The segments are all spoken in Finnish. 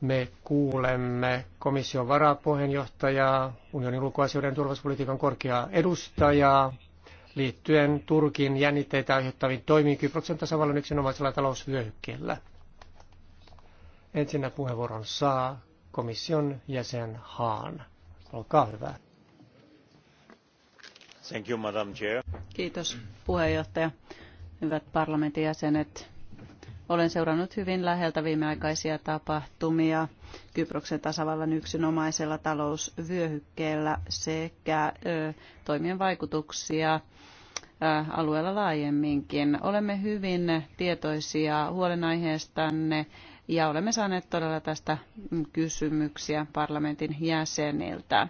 Me kuulemme komission varapuheenjohtajaa, unionin ulkoasioiden turvallisuuspolitiikan korkeaa edustajaa liittyen Turkin jännitteitä aiheuttaviin toimiin Kyproksen tasavallan yksinomaisella talousvyöhykkeellä. Ensinnä puheenvuoron saa komission jäsen Haan. Olkaa hyvä. Thank you, Madam Chair. Kiitos puheenjohtaja hyvät parlamentin jäsenet. Olen seurannut hyvin läheltä viimeaikaisia tapahtumia Kyproksen tasavallan yksinomaisella talousvyöhykkeellä sekä toimien vaikutuksia alueella laajemminkin. Olemme hyvin tietoisia huolenaiheestanne ja olemme saaneet todella tästä mm, kysymyksiä parlamentin jäseniltä.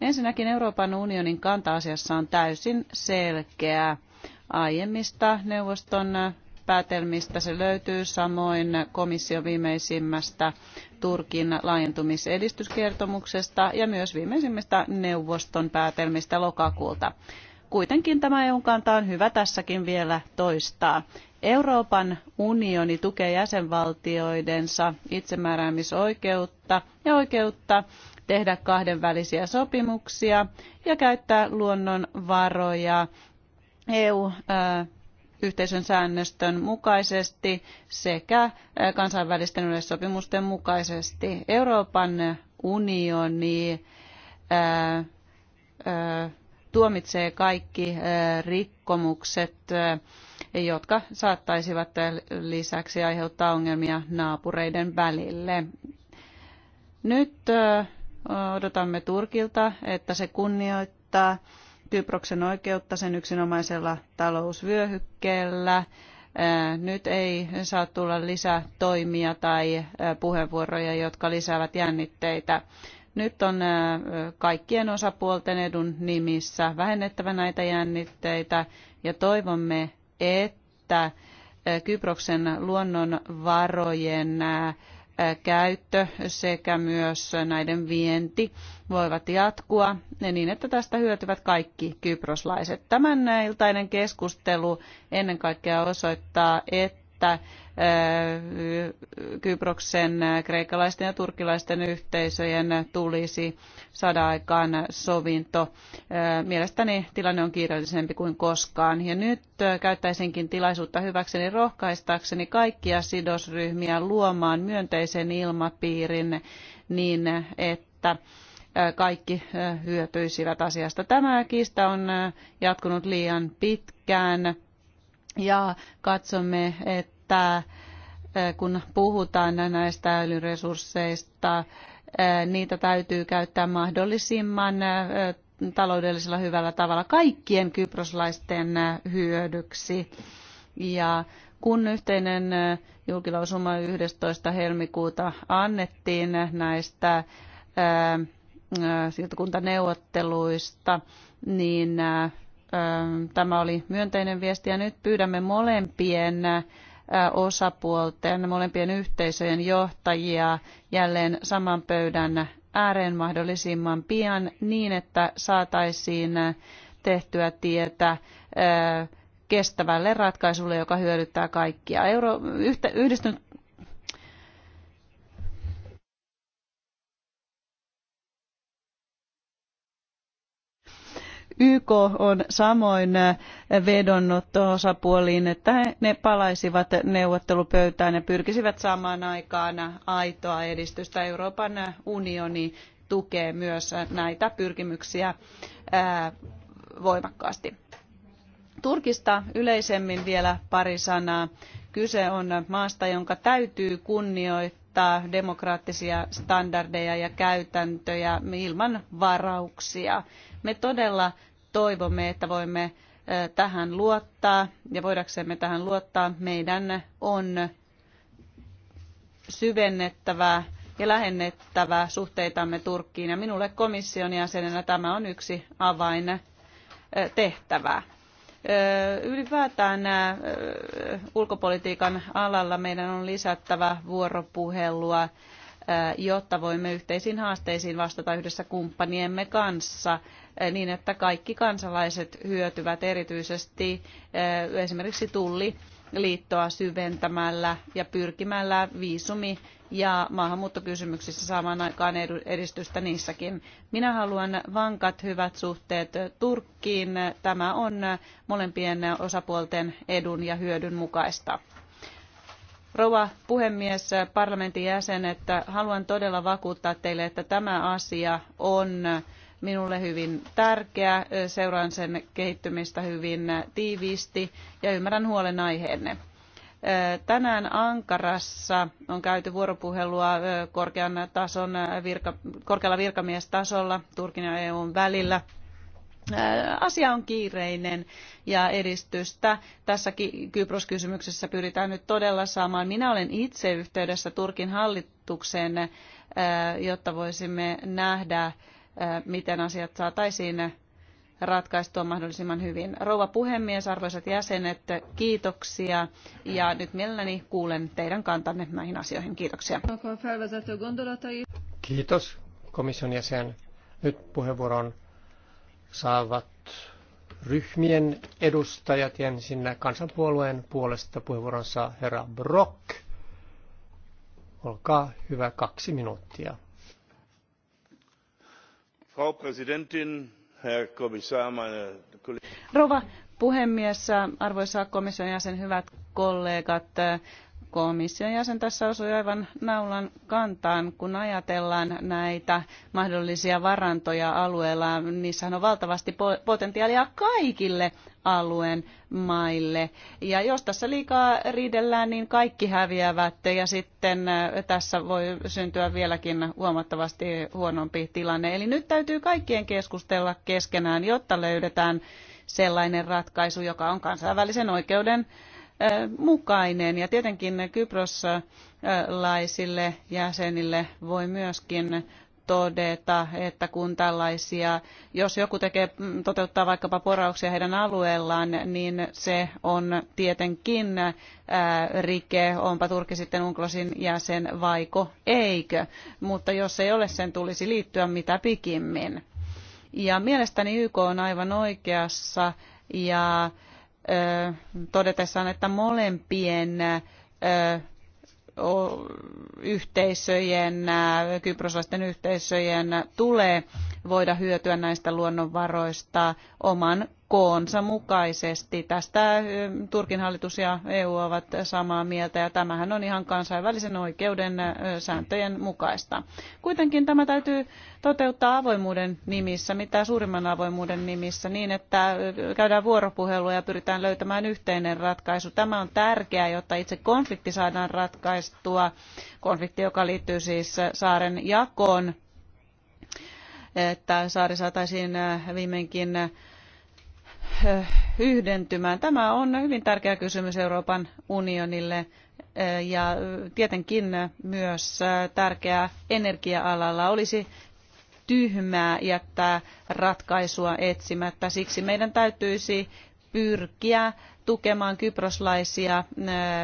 Ensinnäkin Euroopan unionin kanta-asiassa on täysin selkeä aiemmista neuvoston päätelmistä. Se löytyy samoin komission viimeisimmästä Turkin laajentumisedistyskertomuksesta ja myös viimeisimmistä neuvoston päätelmistä lokakuulta. Kuitenkin tämä EUn kanta on hyvä tässäkin vielä toistaa. Euroopan unioni tukee jäsenvaltioidensa itsemääräämisoikeutta ja oikeutta tehdä kahdenvälisiä sopimuksia ja käyttää luonnonvaroja EU-yhteisön säännöstön mukaisesti sekä kansainvälisten yleissopimusten mukaisesti. Euroopan unioni tuomitsee kaikki rikkomukset, jotka saattaisivat lisäksi aiheuttaa ongelmia naapureiden välille. Nyt odotamme Turkilta, että se kunnioittaa Kyproksen oikeutta sen yksinomaisella talousvyöhykkeellä. Nyt ei saa tulla lisätoimia tai puheenvuoroja, jotka lisäävät jännitteitä. Nyt on kaikkien osapuolten edun nimissä vähennettävä näitä jännitteitä ja toivomme, että Kyproksen luonnonvarojen käyttö sekä myös näiden vienti voivat jatkua niin, että tästä hyötyvät kaikki kyproslaiset. Tämän iltainen keskustelu ennen kaikkea osoittaa, että että eh, Kyproksen eh, kreikkalaisten ja turkilaisten yhteisöjen tulisi saada aikaan sovinto. Eh, mielestäni tilanne on kiireellisempi kuin koskaan. Ja nyt käyttäisinkin tilaisuutta hyväkseni rohkaistaakseni kaikkia sidosryhmiä luomaan myönteisen ilmapiirin niin, että kaikki hyötyisivät asiasta. Tämä kiista on jatkunut liian pitkään ja katsomme, että kun puhutaan näistä öljyresursseista, niitä täytyy käyttää mahdollisimman taloudellisella hyvällä tavalla kaikkien kyproslaisten hyödyksi. Ja kun yhteinen julkilausuma 11. helmikuuta annettiin näistä siirtokuntaneuvotteluista, niin Ähm, tämä oli myönteinen viesti ja nyt pyydämme molempien äh, osapuolten, molempien yhteisöjen johtajia jälleen saman pöydän ääreen mahdollisimman pian niin, että saataisiin tehtyä tietä äh, kestävälle ratkaisulle, joka hyödyttää kaikkia. Euro, yhtä, yhdistynyt YK on samoin vedonnut osapuoliin, että ne palaisivat neuvottelupöytään ja pyrkisivät saamaan aikaan aitoa edistystä. Euroopan unioni tukee myös näitä pyrkimyksiä voimakkaasti. Turkista yleisemmin vielä pari sanaa. Kyse on maasta, jonka täytyy kunnioittaa demokraattisia standardeja ja käytäntöjä ilman varauksia. Me todella toivomme, että voimme tähän luottaa ja voidaksemme tähän luottaa, meidän on syvennettävä ja lähennettävä suhteitamme Turkkiin. Ja minulle komission jäsenenä tämä on yksi avain tehtävää. Ylipäätään ulkopolitiikan alalla meidän on lisättävä vuoropuhelua jotta voimme yhteisiin haasteisiin vastata yhdessä kumppaniemme kanssa niin, että kaikki kansalaiset hyötyvät erityisesti esimerkiksi tulli syventämällä ja pyrkimällä viisumi- ja maahanmuuttokysymyksissä saamaan aikaan edistystä niissäkin. Minä haluan vankat hyvät suhteet Turkkiin. Tämä on molempien osapuolten edun ja hyödyn mukaista. Rouva puhemies, parlamentin jäsen, että haluan todella vakuuttaa teille, että tämä asia on minulle hyvin tärkeä. Seuraan sen kehittymistä hyvin tiiviisti ja ymmärrän huolenaiheenne. Tänään Ankarassa on käyty vuoropuhelua korkean tason, virka, korkealla virkamiestasolla Turkin ja EUn välillä – asia on kiireinen ja edistystä. Tässä Kypros-kysymyksessä pyritään nyt todella saamaan. Minä olen itse yhteydessä Turkin hallitukseen, jotta voisimme nähdä, miten asiat saataisiin ratkaistua mahdollisimman hyvin. Rouva puhemies, arvoisat jäsenet, kiitoksia ja nyt mielelläni kuulen teidän kantanne näihin asioihin. Kiitoksia. Kiitos komission jäsen. Nyt puheenvuoro on saavat ryhmien edustajat ensin kansanpuolueen puolesta puheenvuoronsa herra Brock. Olkaa hyvä, kaksi minuuttia. Frau Präsidentin, Herr Kommissar, meine Rouva puhemies, arvoisa komission jäsen, hyvät kollegat komission jäsen tässä osui aivan naulan kantaan, kun ajatellaan näitä mahdollisia varantoja alueella. Niissähän on valtavasti potentiaalia kaikille alueen maille. Ja jos tässä liikaa riidellään, niin kaikki häviävät ja sitten äh, tässä voi syntyä vieläkin huomattavasti huonompi tilanne. Eli nyt täytyy kaikkien keskustella keskenään, jotta löydetään sellainen ratkaisu, joka on kansainvälisen oikeuden mukainen. Ja tietenkin kyproslaisille jäsenille voi myöskin todeta, että kun tällaisia, jos joku tekee, toteuttaa vaikkapa porauksia heidän alueellaan, niin se on tietenkin ää, rike, onpa Turkki sitten Unklosin jäsen vaiko eikö. Mutta jos ei ole, sen tulisi liittyä mitä pikimmin. Ja mielestäni YK on aivan oikeassa ja todetessaan, että molempien yhteisöjen, kyproslaisten yhteisöjen tulee voida hyötyä näistä luonnonvaroista oman koonsa mukaisesti. Tästä Turkin hallitus ja EU ovat samaa mieltä ja tämähän on ihan kansainvälisen oikeuden sääntöjen mukaista. Kuitenkin tämä täytyy toteuttaa avoimuuden nimissä, mitä suurimman avoimuuden nimissä, niin että käydään vuoropuhelua ja pyritään löytämään yhteinen ratkaisu. Tämä on tärkeää, jotta itse konflikti saadaan ratkaistua, konflikti, joka liittyy siis saaren jakoon että saari saataisiin äh, viimeinkin äh, yhdentymään. Tämä on hyvin tärkeä kysymys Euroopan unionille äh, ja tietenkin myös tärkeää energia-alalla. Olisi tyhmää jättää ratkaisua etsimättä. Siksi meidän täytyisi pyrkiä tukemaan kyproslaisia,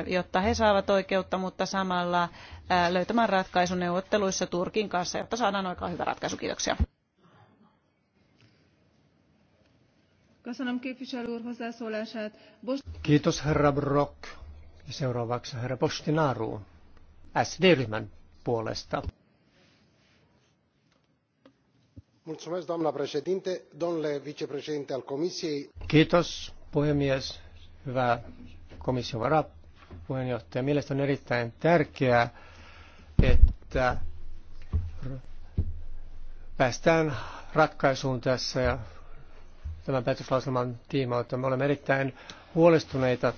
jotta he saavat oikeutta, mutta samalla löytämään ratkaisu neuvotteluissa Turkin kanssa, jotta saadaan oikein hyvä ratkaisu. Kiitoksia. Kiitos herra Brock. Ja seuraavaksi herra Postinaru SD-ryhmän puolesta. Mulțumesc, doamna președinte, domnule vicepreședinte al Comisiei. Kiitos, puhemies, hyvä komission varapuheenjohtaja. Mielestäni on erittäin tärkeää, että päästään ratkaisuun tässä ja tämän päätöslauselman tiimoilta. Me olemme erittäin huolestuneita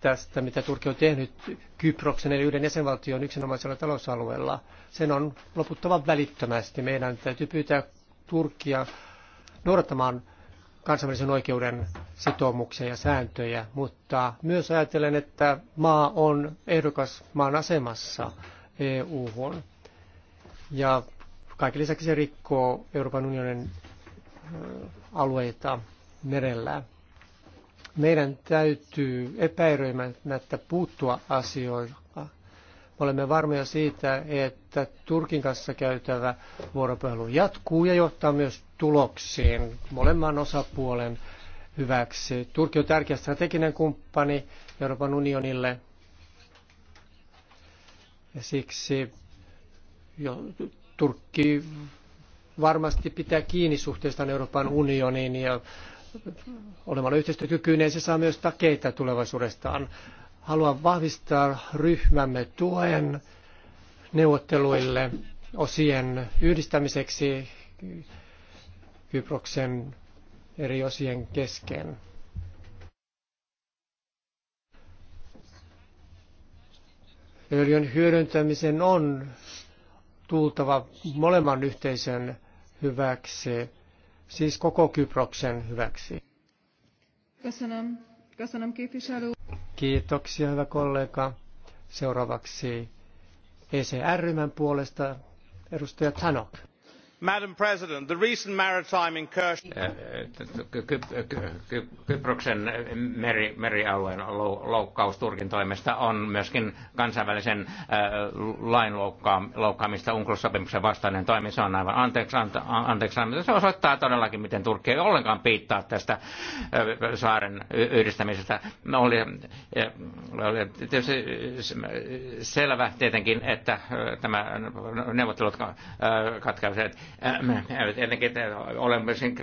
tästä, mitä Turkki on tehnyt Kyproksen eli yhden jäsenvaltion yksinomaisella talousalueella. Sen on loputtava välittömästi. Meidän täytyy pyytää Turkkia noudattamaan kansainvälisen oikeuden sitoumuksia ja sääntöjä, mutta myös ajatellen, että maa on ehdokas maan asemassa EU-hun. Ja kaiken lisäksi se rikkoo Euroopan unionin alueita merellä. Meidän täytyy epäröimättä puuttua asioihin. Olemme varmoja siitä, että Turkin kanssa käytävä vuoropuhelu jatkuu ja johtaa myös tuloksiin molemman osapuolen hyväksi. Turkki on tärkeä strateginen kumppani Euroopan unionille ja siksi jo, Turkki varmasti pitää kiinni suhteestaan Euroopan unioniin ja olemalla yhteistyökykyinen se saa myös takeita tulevaisuudestaan. Haluan vahvistaa ryhmämme tuen neuvotteluille osien yhdistämiseksi Kyproksen eri osien kesken. Öljyn hyödyntämisen on tultava molemman yhteisön hyväksi, siis koko Kyproksen hyväksi. Kiitoksia, hyvä kollega. Seuraavaksi ECR-ryhmän puolesta edustaja Tanok madam president the recent maritime incursion kyproksen merialueen loukkaus turkin toimesta on myöskin kansainvälisen lain loukkaamista unclos sopimuksen vastainen toimi. se on aivan anteeksi anteeksi mutta se osoittaa todellakin miten turkki ei ollenkaan piittaa tästä saaren yhdistämisestä. oli, oli tietysti selvä tietenkin että tämä neuvottelut katkaisivat Tietenkin äh, äh, olemme sen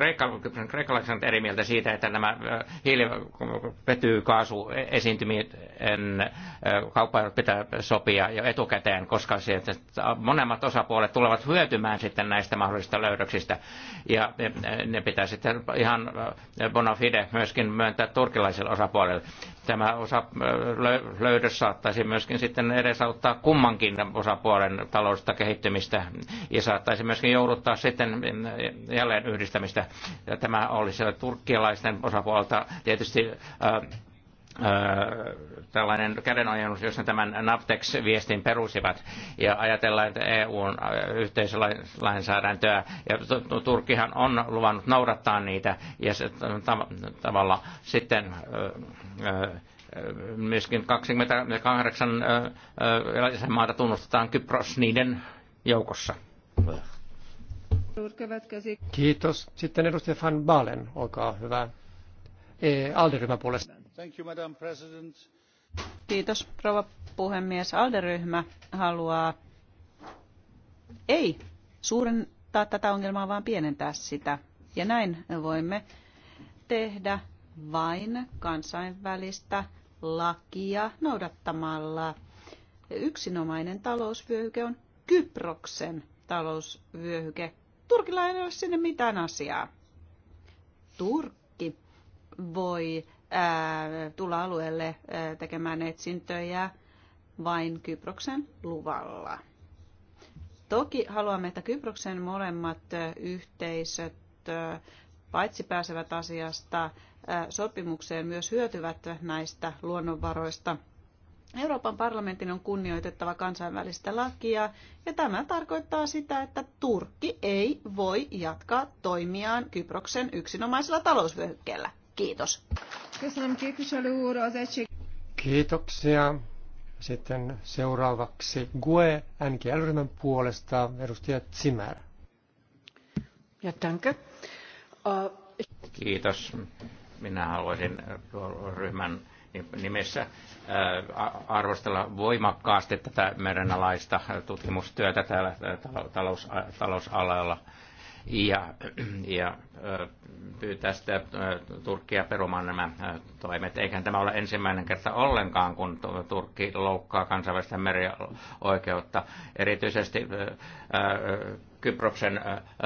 kreikkalaisen eri mieltä siitä, että nämä äh, hiilivetykaasuesiintymien kauppa pitää sopia jo etukäteen, koska sieltä monemmat osapuolet tulevat hyötymään sitten näistä mahdollisista löydöksistä. Ja ne pitää sitten ihan bona fide myöskin myöntää turkilaisille osapuolille. Tämä osa löydös saattaisi myöskin sitten edesauttaa kummankin osapuolen taloudellista kehittymistä ja saattaisi myöskin jouduttaa sitten jälleen yhdistämistä. Tämä olisi turkkialaisten osapuolta tietysti tällainen kädenojennus, jossa tämän Navtex-viestin perusivat ja ajatellaan, että EUn yhteislainsäädäntöä ja Turkkihan on luvannut noudattaa niitä ja se tavalla sitten myöskin 28 jäsenmaata tunnustetaan Kypros niiden joukossa. Kiitos. Sitten edustaja Van Balen, olkaa hyvä. E, puolesta arvoisa Kiitos, puhemies. ALDE-ryhmä haluaa ei suurentaa tätä ongelmaa, vaan pienentää sitä. Ja näin voimme tehdä vain kansainvälistä lakia noudattamalla. Yksinomainen talousvyöhyke on Kyproksen talousvyöhyke. Turkilla ei ole sinne mitään asiaa. Turkki voi tulla alueelle tekemään etsintöjä vain Kyproksen luvalla. Toki haluamme, että Kyproksen molemmat yhteisöt paitsi pääsevät asiasta sopimukseen, myös hyötyvät näistä luonnonvaroista. Euroopan parlamentin on kunnioitettava kansainvälistä lakia, ja tämä tarkoittaa sitä, että Turkki ei voi jatkaa toimiaan Kyproksen yksinomaisella talousvyöhykkeellä. Kiitos. Kiitoksia. Sitten seuraavaksi GUE NGL-ryhmän puolesta edustaja Zimmer. Ja Uh... Kiitos. Minä haluaisin äh, ryhmän nimessä äh, arvostella voimakkaasti tätä merenalaista tutkimustyötä täällä äh, talousalalla. Talous ja, ja pyytää sitä Turkkia perumaan nämä toimet. Eikä tämä ole ensimmäinen kerta ollenkaan, kun Turkki loukkaa kansainvälistä merioikeutta. Erityisesti Kyproksen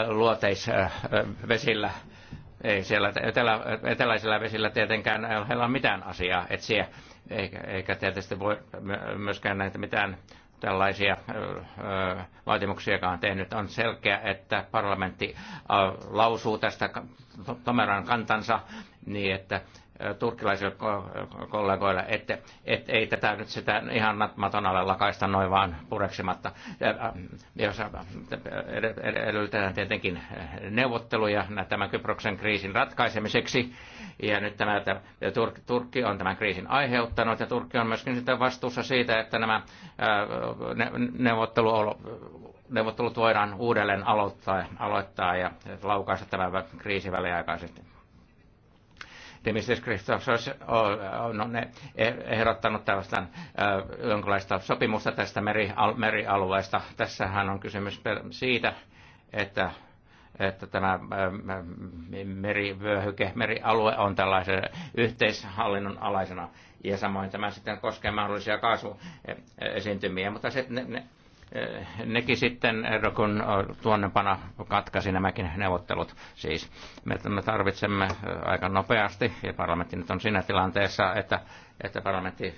luoteisvesillä ei siellä etelä, eteläisillä vesillä tietenkään heillä ole mitään asiaa etsiä, eikä, eikä tietysti voi myöskään näitä mitään tällaisia vaatimuksiakaan tehnyt. On selkeä, että parlamentti lausuu tästä Tomeran kantansa niin, että turkkilaisille kollegoille, että et, ei tätä nyt sitä ihan maton alle lakaista noin vaan pureksimatta. Jos edellytetään tietenkin neuvotteluja tämän Kyproksen kriisin ratkaisemiseksi, ja nyt tämä, Turk, Turkki on tämän kriisin aiheuttanut, ja Turkki on myöskin sitä vastuussa siitä, että nämä neuvottelu, neuvottelut voidaan uudelleen aloittaa, aloittaa ja laukaista tämän kriisi väliaikaisesti Dimitris Christopsos on ehdottanut tällaista äh, jonkinlaista sopimusta tästä merialueesta. Tässähän on kysymys siitä, että että tämä äh, merivyöhyke, merialue on tällaisen yhteishallinnon alaisena. Ja samoin tämä sitten koskee mahdollisia kaasuesiintymiä, e-, mutta se, ne, ne, Eh, nekin sitten, kun tuonnepana katkaisi nämäkin neuvottelut. Siis me tarvitsemme aika nopeasti, ja parlamentti nyt on siinä tilanteessa, että, että parlamentti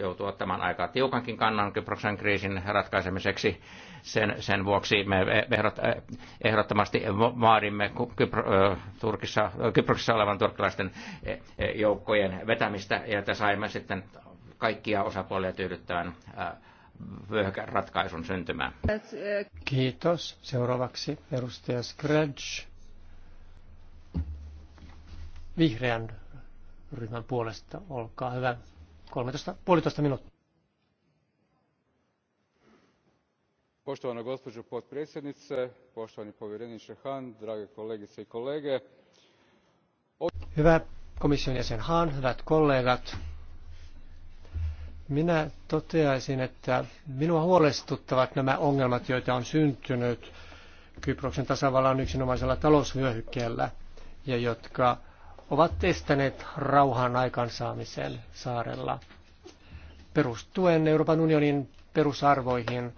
joutuu ottamaan aika tiukankin kannan Kyproksen kriisin ratkaisemiseksi. Sen, sen vuoksi me e, ehdot, e, ehdottomasti vaadimme Kypro, Turkissa, Kyproksessa olevan turkkilaisten e, joukkojen vetämistä, ja että saimme sitten kaikkia osapuolia tyydyttävän ratkaisun syntymään. Kiitos. Seuraavaksi edustaja Scratch. vihreän ryhmän puolesta. Olkaa hyvä. 13, puolitoista minuuttia. Poštovana gospođo potpredsjednice, poštovani povjereniče Han, drage kolegice i kolege. Hyvä komission jäsen Han, hyvät kollegat. Minä toteaisin, että minua huolestuttavat nämä ongelmat, joita on syntynyt Kyproksen tasavallan yksinomaisella talousvyöhykkeellä ja jotka ovat estäneet rauhan aikansaamisen saarella perustuen Euroopan unionin perusarvoihin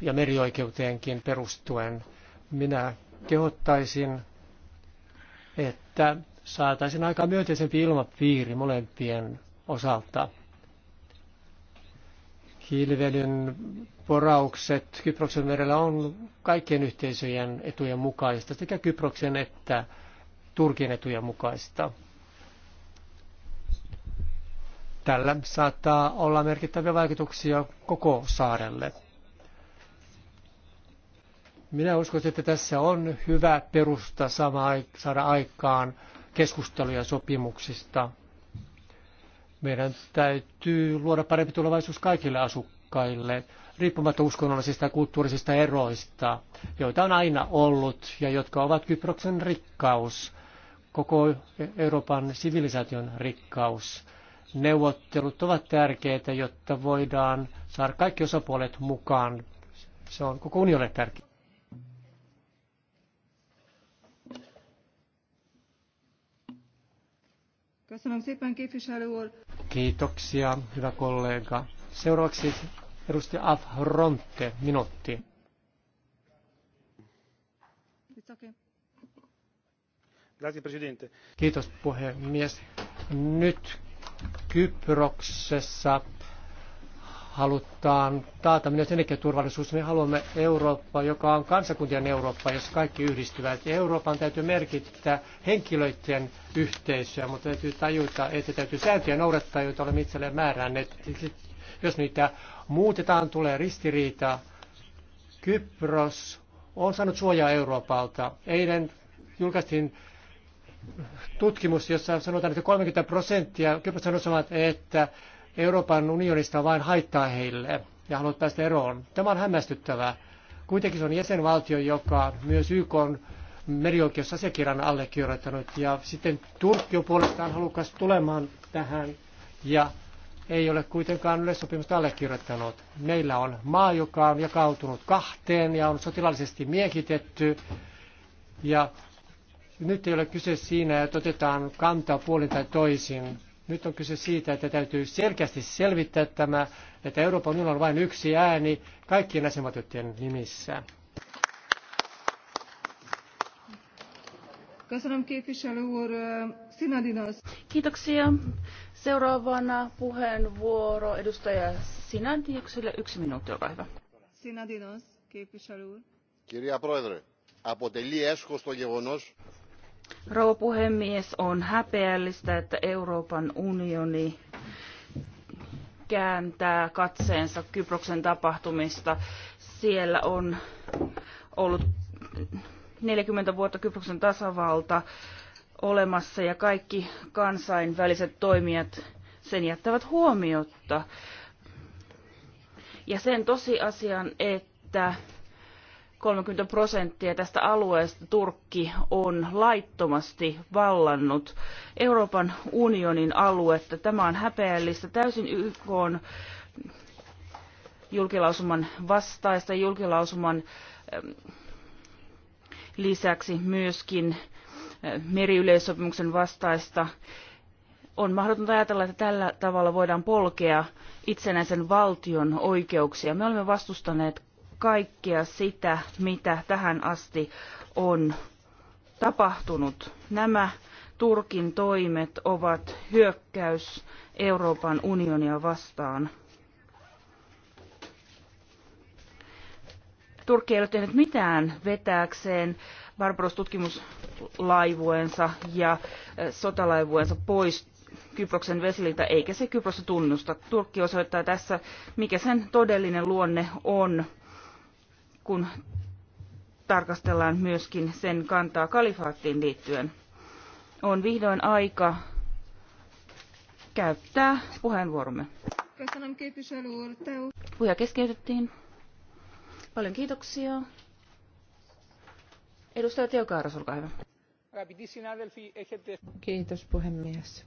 ja merioikeuteenkin perustuen. Minä kehottaisin, että saataisiin aika myönteisempi ilmapiiri molempien osalta hiiliveljen poraukset Kyproksen merellä on kaikkien yhteisöjen etujen mukaista, sekä Kyproksen että Turkin etujen mukaista. Tällä saattaa olla merkittäviä vaikutuksia koko saarelle. Minä uskon, että tässä on hyvä perusta saada aikaan keskusteluja sopimuksista meidän täytyy luoda parempi tulevaisuus kaikille asukkaille, riippumatta uskonnollisista ja kulttuurisista eroista, joita on aina ollut ja jotka ovat Kyproksen rikkaus, koko Euroopan sivilisaation rikkaus. Neuvottelut ovat tärkeitä, jotta voidaan saada kaikki osapuolet mukaan. Se on koko unionille tärkeää. Kiitoksia, hyvä kollega. Seuraavaksi edustaja Afronte, minuutti. Kiitos puhemies. Nyt Kyproksessa halutaan taata myös energiaturvallisuus. Me haluamme Eurooppaa, joka on kansakuntien Eurooppa, jossa kaikki yhdistyvät. Euroopan täytyy merkittää henkilöiden yhteisöä, mutta täytyy tajuta, että täytyy sääntöjä noudattaa, joita olemme itselleen määränneet. Jos niitä muutetaan, tulee ristiriita. Kypros on saanut suojaa Euroopalta. Eilen julkaistiin tutkimus, jossa sanotaan, että 30 prosenttia on osamat, että Euroopan unionista vain haittaa heille ja haluavat päästä eroon. Tämä on hämmästyttävää. Kuitenkin se on jäsenvaltio, joka myös YK on merioikeusasiakirjan allekirjoittanut. Ja sitten Turkki on puolestaan halukas tulemaan tähän ja ei ole kuitenkaan yleissopimusta allekirjoittanut. Meillä on maa, joka on jakautunut kahteen ja on sotilaallisesti miehitetty. Ja nyt ei ole kyse siinä, että otetaan kantaa puolin tai toisin. Nyt on kyse siitä, että täytyy selkeästi selvittää tämä, että Euroopan unionilla on vain yksi ääni kaikkien jäsenvaltioiden nimissä. Kiitoksia. Seuraavana puheenvuoro edustaja Sinadiukselle. Yksi minuutti, olkaa hyvä. kirja Proedre, apoteli Eskosto στο Rouva puhemies, on häpeällistä, että Euroopan unioni kääntää katseensa Kyproksen tapahtumista. Siellä on ollut 40 vuotta Kyproksen tasavalta olemassa ja kaikki kansainväliset toimijat sen jättävät huomiotta. Ja sen tosiasian, että 30 prosenttia tästä alueesta Turkki on laittomasti vallannut Euroopan unionin aluetta. Tämä on häpeällistä täysin YK on julkilausuman vastaista julkilausuman ähm, lisäksi myöskin äh, meriyleissopimuksen vastaista. On mahdotonta ajatella, että tällä tavalla voidaan polkea itsenäisen valtion oikeuksia. Me olemme vastustaneet kaikkea sitä, mitä tähän asti on tapahtunut. Nämä Turkin toimet ovat hyökkäys Euroopan unionia vastaan. Turkki ei ole tehnyt mitään vetääkseen Barbaros-tutkimuslaivuensa ja eh, sotalaivuensa pois Kyproksen vesiltä, eikä se Kyprosta tunnusta. Turkki osoittaa tässä, mikä sen todellinen luonne on kun tarkastellaan myöskin sen kantaa kalifaattiin liittyen. On vihdoin aika käyttää puheenvuoromme. Puhuja keskeytettiin. Paljon kiitoksia. Edustaja Teokaaras, olkaa hyvä. Kiitos puhemies.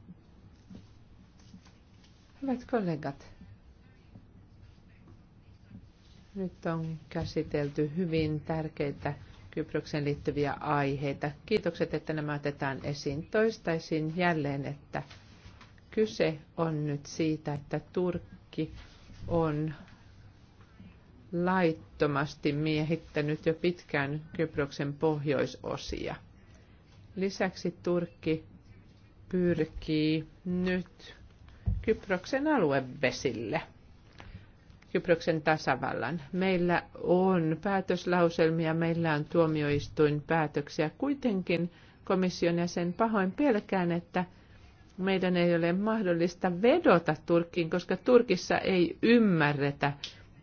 Hyvät kollegat, nyt on käsitelty hyvin tärkeitä Kyproksen liittyviä aiheita. Kiitokset, että nämä otetaan esiin. Toistaisin jälleen, että kyse on nyt siitä, että Turkki on laittomasti miehittänyt jo pitkään Kyproksen pohjoisosia. Lisäksi Turkki pyrkii nyt Kyproksen aluevesille. Kyproksen tasavallan. Meillä on päätöslauselmia, meillä on tuomioistuin päätöksiä. Kuitenkin komission jäsen pahoin pelkään, että meidän ei ole mahdollista vedota Turkkiin, koska Turkissa ei ymmärretä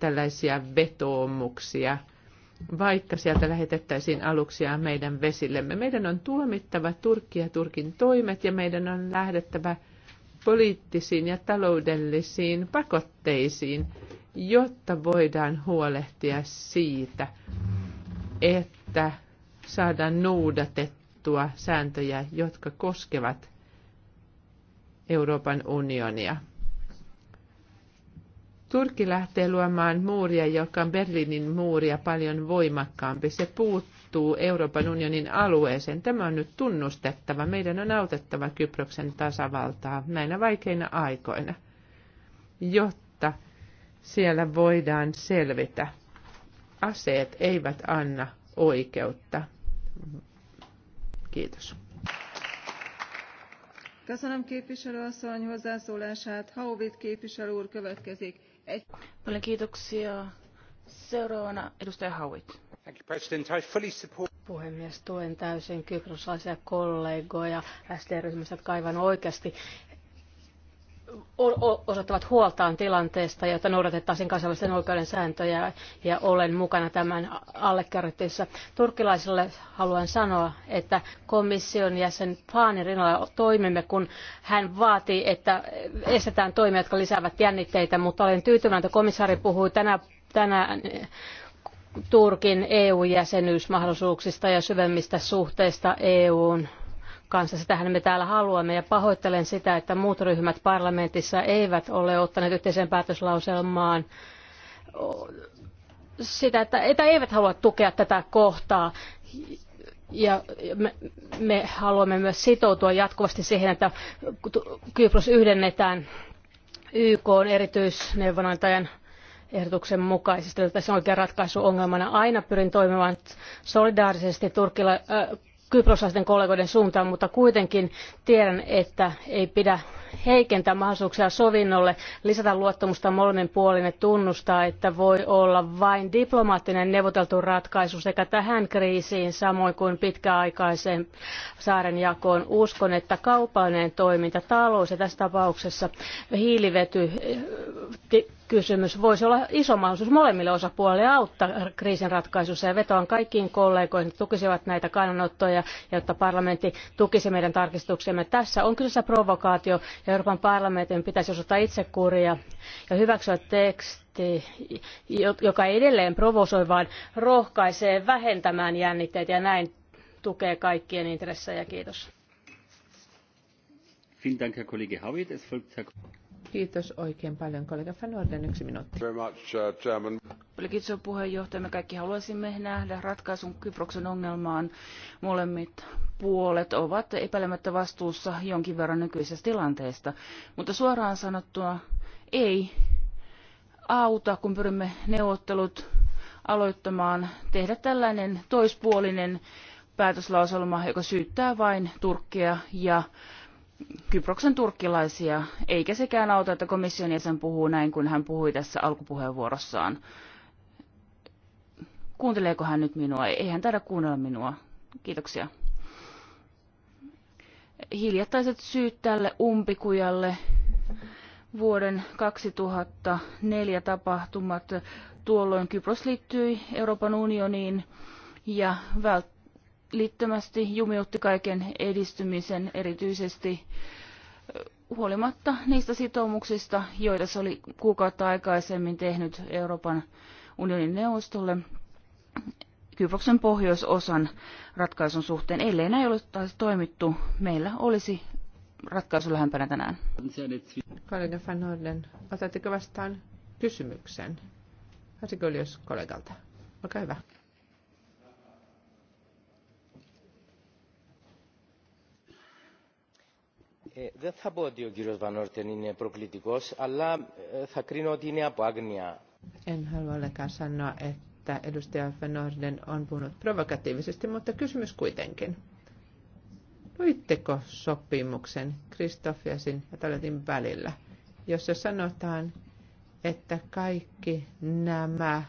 tällaisia vetoomuksia, vaikka sieltä lähetettäisiin aluksia meidän vesillemme. Meidän on tuomittava Turkki ja Turkin toimet ja meidän on lähdettävä poliittisiin ja taloudellisiin pakotteisiin jotta voidaan huolehtia siitä, että saadaan noudatettua sääntöjä, jotka koskevat Euroopan unionia. Turki lähtee luomaan muuria, joka on Berliinin muuria paljon voimakkaampi. Se puuttuu Euroopan unionin alueeseen. Tämä on nyt tunnustettava. Meidän on autettava Kyproksen tasavaltaa näinä vaikeina aikoina, jotta siellä voidaan selvitä. Aseet eivät anna oikeutta. Kiitos. Köszönöm képviselőasszony hozzászólását. Hauvit képviselő úr következik. Egy... Paljon kiitoksia. Seuraavana edustaja support... Puhemies, tuen täysin kyproslaisia kollegoja ST-ryhmästä, jotka aivan oikeasti osoittavat huoltaan tilanteesta, jotta noudatettaisiin kansainvälisen oikeuden sääntöjä ja olen mukana tämän allekirjoittajissa. Turkilaisille haluan sanoa, että komission jäsen Paanin rinnalla toimimme, kun hän vaatii, että estetään toimia, jotka lisäävät jännitteitä, mutta olen tyytyväinen, että komissaari puhui tänä, tänään Turkin EU-jäsenyysmahdollisuuksista ja syvemmistä suhteista EUn kanssa. Sitähän me täällä haluamme ja pahoittelen sitä, että muut ryhmät parlamentissa eivät ole ottaneet yhteiseen päätöslauselmaan sitä, että, että eivät halua tukea tätä kohtaa. Ja me, me haluamme myös sitoutua jatkuvasti siihen, että Kypros yhdennetään YK on erityisneuvonantajan ehdotuksen mukaisesti. Tässä on oikea ratkaisu ongelmana. Aina pyrin toimimaan solidaarisesti Turkilla. äh, kyproslaisten kollegoiden suuntaan, mutta kuitenkin tiedän, että ei pidä heikentää mahdollisuuksia sovinnolle, lisätä luottamusta molemmin puolin ja tunnustaa, että voi olla vain diplomaattinen neuvoteltu ratkaisu sekä tähän kriisiin samoin kuin pitkäaikaiseen saaren jakoon. Uskon, että kaupallinen toiminta, talous ja tässä tapauksessa hiilivety eh, kysymys voisi olla iso mahdollisuus molemmille osapuolille auttaa kriisin ratkaisussa ja vetoan kaikkiin kollegoihin, että tukisivat näitä kannanottoja, jotta parlamentti tukisi meidän tarkistuksiamme. Tässä on kyseessä provokaatio ja Euroopan parlamentin pitäisi osoittaa itsekuria ja hyväksyä teksti, joka ei edelleen provosoi, vaan rohkaisee vähentämään jännitteitä ja näin tukee kaikkien intressejä. Kiitos. Kiitos oikein paljon, kollega Van yksi minuutti. Very much, uh, chairman. Kiitos puheenjohtaja. Me kaikki haluaisimme nähdä ratkaisun Kyproksen ongelmaan. Molemmat puolet ovat epäilemättä vastuussa jonkin verran nykyisestä tilanteesta. Mutta suoraan sanottuna ei auta, kun pyrimme neuvottelut aloittamaan, tehdä tällainen toispuolinen päätöslauselma, joka syyttää vain Turkkia ja Kyproksen turkkilaisia, eikä sekään auta, että komission jäsen puhuu näin kuin hän puhui tässä alkupuheenvuorossaan. Kuunteleeko hän nyt minua? Ei hän taida kuunnella minua. Kiitoksia. Hiljattaiset syyt tälle umpikujalle vuoden 2004 tapahtumat. Tuolloin Kypros liittyi Euroopan unioniin ja vält- välittömästi jumiutti kaiken edistymisen erityisesti huolimatta niistä sitoumuksista, joita se oli kuukautta aikaisemmin tehnyt Euroopan unionin neuvostolle Kyproksen pohjoisosan ratkaisun suhteen. Ellei näin ole taas toimittu, meillä olisi ratkaisu lähempänä tänään. Kollega Van Orden, otatteko vastaan kysymyksen? Vasikoilius kollegalta. Olkaa hyvä. δεν θα πω ότι ο κύριος Βανόρτεν είναι προκλητικός, αλλά θα κρίνω ότι είναι από άγνοια. En halua ollenkaan sanoa, että edustaja Fenorden on puhunut provokatiivisesti, mutta kysymys kuitenkin. Luitteko sopimuksen Kristofiasin ja Taletin välillä, jossa sanotaan, että kaikki nämä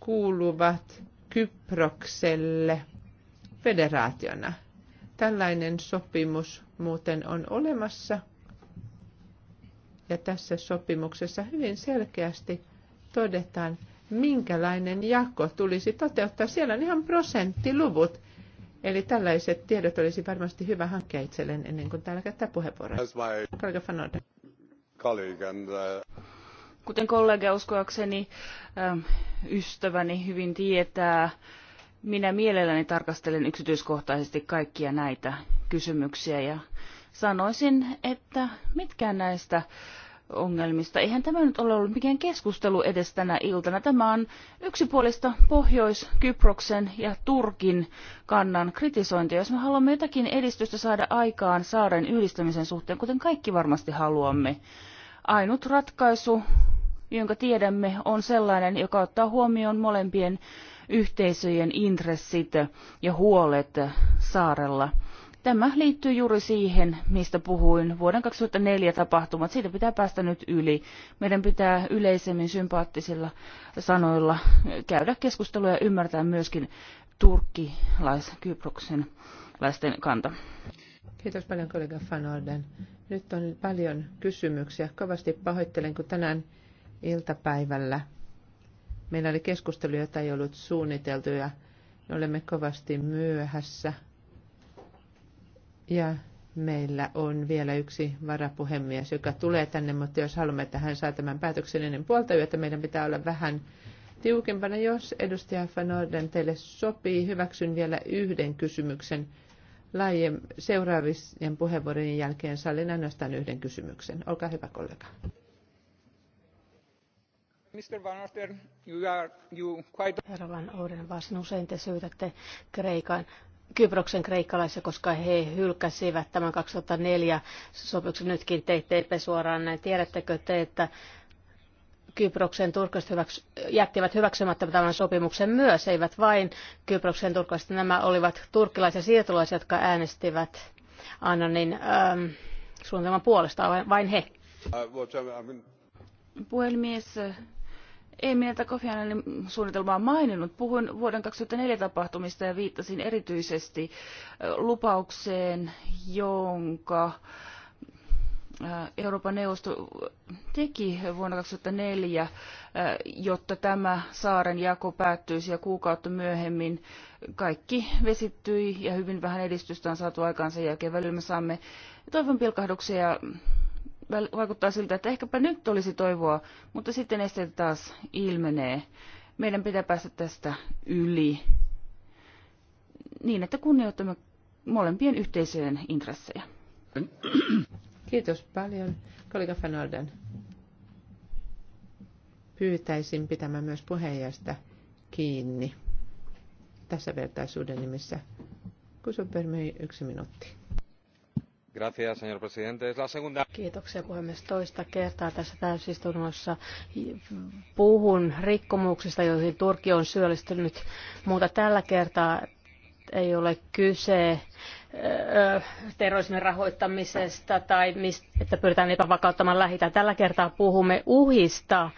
kuuluvat Kyprokselle federaationa – Tällainen sopimus muuten on olemassa. Ja tässä sopimuksessa hyvin selkeästi todetaan, minkälainen jako tulisi toteuttaa. Siellä on ihan prosenttiluvut. Eli tällaiset tiedot olisi varmasti hyvä hankkia itselleen ennen kuin täällä käyttää puheenvuoroa. Uh, Kuten kollega uskoakseni ähm, ystäväni hyvin tietää, minä mielelläni tarkastelen yksityiskohtaisesti kaikkia näitä kysymyksiä ja sanoisin, että mitkään näistä ongelmista. Eihän tämä nyt ole ollut mikään keskustelu edes tänä iltana. Tämä on yksipuolista Pohjois-Kyproksen ja Turkin kannan kritisointi. Jos me haluamme jotakin edistystä saada aikaan saaren yhdistämisen suhteen, kuten kaikki varmasti haluamme, ainut ratkaisu, jonka tiedämme, on sellainen, joka ottaa huomioon molempien yhteisöjen intressit ja huolet saarella. Tämä liittyy juuri siihen, mistä puhuin. Vuoden 2004 tapahtumat, siitä pitää päästä nyt yli. Meidän pitää yleisemmin sympaattisilla sanoilla käydä keskustelua ja ymmärtää myöskin turkkilaiskyproksen kyproksen laisten kanta. Kiitos paljon kollega Fanorden. Nyt on paljon kysymyksiä. Kovasti pahoittelen, kun tänään iltapäivällä Meillä oli keskusteluja, joita ei ollut suunniteltu ja olemme kovasti myöhässä. Ja meillä on vielä yksi varapuhemies, joka tulee tänne, mutta jos haluamme, että hän saa tämän päätöksen ennen puolta yötä, meidän pitää olla vähän tiukempana. Jos edustaja Van Orden teille sopii, hyväksyn vielä yhden kysymyksen. Laajem, seuraavien puheenvuorojen jälkeen sallin ainoastaan yhden kysymyksen. Olkaa hyvä kollega. Mr. Van Orden, Herra Van Orden, varsin usein te syytätte Kreikan Kyproksen kreikkalaisia, koska he hylkäsivät tämän 2004 sopimuksen. Nytkin teitte epäsuoraan näin. Tiedättekö te, että Kyproksen turkaiset jättivät hyväksymättä tämän sopimuksen myös, eivät vain Kyproksen turkaiset. Nämä olivat turkkilaisia siirtolaisia, jotka äänestivät Annanin ähm, suunnitelman puolesta, vain, vain he. Puhemies, ei minä tätä Annanin suunnitelmaa maininnut. Puhuin vuoden 2004 tapahtumista ja viittasin erityisesti lupaukseen, jonka Euroopan neuvosto teki vuonna 2004, jotta tämä saaren jako päättyisi ja kuukautta myöhemmin kaikki vesittyi ja hyvin vähän edistystä on saatu aikaan sen jälkeen. Välillä me saamme toivon pilkahduksia vaikuttaa siltä, että ehkäpä nyt olisi toivoa, mutta sitten esteitä taas ilmenee. Meidän pitää päästä tästä yli niin, että kunnioitamme molempien yhteisöjen intressejä. Kiitos paljon, kollega Fernanden. Pyytäisin pitämään myös puheenjohtajasta kiinni tässä vertaisuuden nimissä. Kusun yksi minuutti. Gracias, Kiitoksia puhemies. Toista kertaa tässä täysistunnossa puhun rikkomuksista, joihin Turkki on syyllistynyt, mutta tällä kertaa ei ole kyse terrorismin rahoittamisesta tai mistä, että pyritään epävakauttamaan lähitä. Tällä kertaa puhumme uhista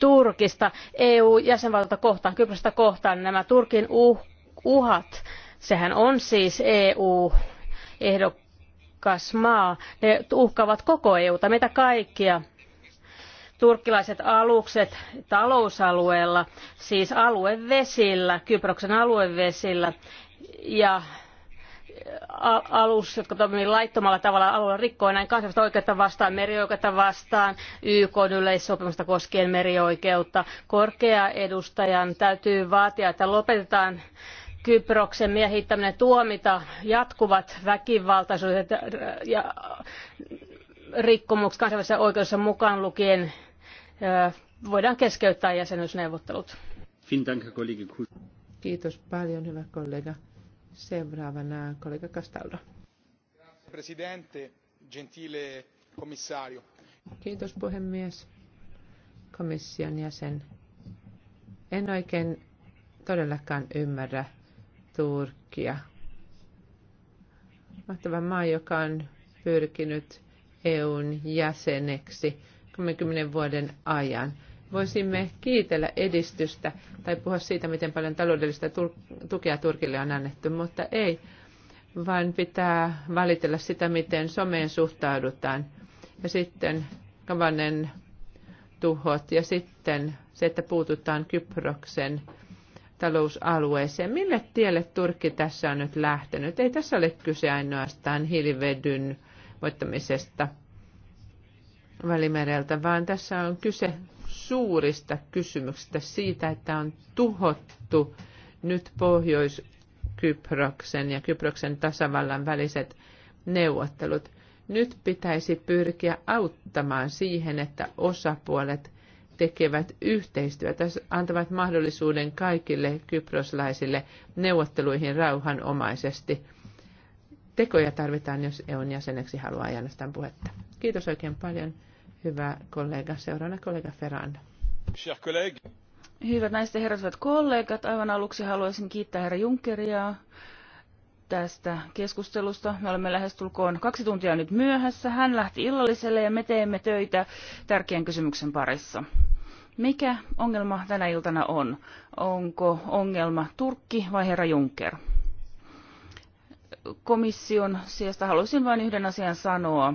Turkista, EU-jäsenvaltiota kohtaan, Kyprosta kohtaan. Nämä Turkin uh-, uhat, sehän on siis EU-ehdokkuus rikas maa. Ne uhkaavat koko EUta, meitä kaikkia. Turkkilaiset alukset talousalueella, siis aluevesillä, Kyproksen aluevesillä ja alus, jotka toimii niin laittomalla tavalla alueella, rikkoo näin kansainvälistä oikeutta vastaan, merioikeutta vastaan, YK yleissopimusta koskien merioikeutta. Korkea edustajan täytyy vaatia, että lopetetaan Kyproksen miehittäminen tuomita jatkuvat väkivaltaisuudet ja rikkomukset kansainvälisessä oikeudessa mukaan lukien voidaan keskeyttää jäsenyysneuvottelut. Kiitos paljon, hyvä kollega. Seuraavana kollega Castaldo. Presidente, gentile komissario. Kiitos puhemies, komission jäsen. En oikein todellakaan ymmärrä Turkia. Mahtava maa, joka on pyrkinyt EUn jäseneksi 30 vuoden ajan. Voisimme kiitellä edistystä tai puhua siitä, miten paljon taloudellista tukea Turkille on annettu, mutta ei, vaan pitää valitella sitä, miten someen suhtaudutaan. Ja sitten Kavanen tuhot ja sitten se, että puututaan Kyproksen talousalueeseen. Mille tielle Turkki tässä on nyt lähtenyt? Ei tässä ole kyse ainoastaan hiilivedyn voittamisesta välimereltä, vaan tässä on kyse suurista kysymyksistä siitä, että on tuhottu nyt Pohjois-Kyproksen ja Kyproksen tasavallan väliset neuvottelut. Nyt pitäisi pyrkiä auttamaan siihen, että osapuolet – tekevät yhteistyötä, antavat mahdollisuuden kaikille kyproslaisille neuvotteluihin rauhanomaisesti. Tekoja tarvitaan, jos EUn jäseneksi haluaa ainoastaan puhetta. Kiitos oikein paljon, hyvä kollega. Seuraavana kollega Ferranda. Hyvät naiset ja herrat, hyvät kollegat, aivan aluksi haluaisin kiittää herra Junckeria tästä keskustelusta. Me olemme lähestulkoon kaksi tuntia nyt myöhässä. Hän lähti illalliselle ja me teemme töitä tärkeän kysymyksen parissa. Mikä ongelma tänä iltana on? Onko ongelma Turkki vai herra Juncker? Komission sijasta haluaisin vain yhden asian sanoa.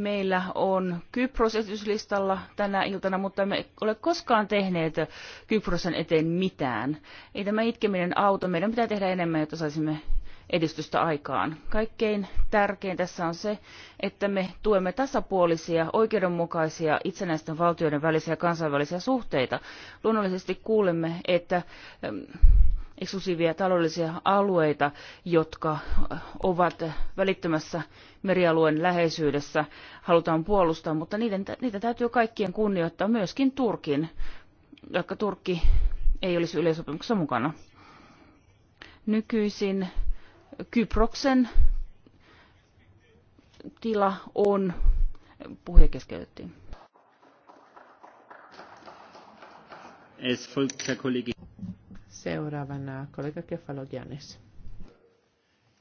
Meillä on Kypros esityslistalla tänä iltana, mutta emme ole koskaan tehneet Kyprosen eteen mitään. Ei tämä itkeminen auta. Meidän pitää tehdä enemmän, jotta saisimme edistystä aikaan. Kaikkein tärkein tässä on se, että me tuemme tasapuolisia, oikeudenmukaisia itsenäisten valtioiden välisiä kansainvälisiä suhteita. Luonnollisesti kuulemme, että eksklusiivisia taloudellisia alueita, jotka ovat välittömässä merialueen läheisyydessä, halutaan puolustaa, mutta niiden, niitä täytyy kaikkien kunnioittaa, myöskin Turkin, vaikka Turkki ei olisi yleisopimuksessa mukana. Nykyisin Kyproksen tila on, puhe keskeytettiin. Es folgt Herr Kollege. Seuraavana kollega Kefalogianis.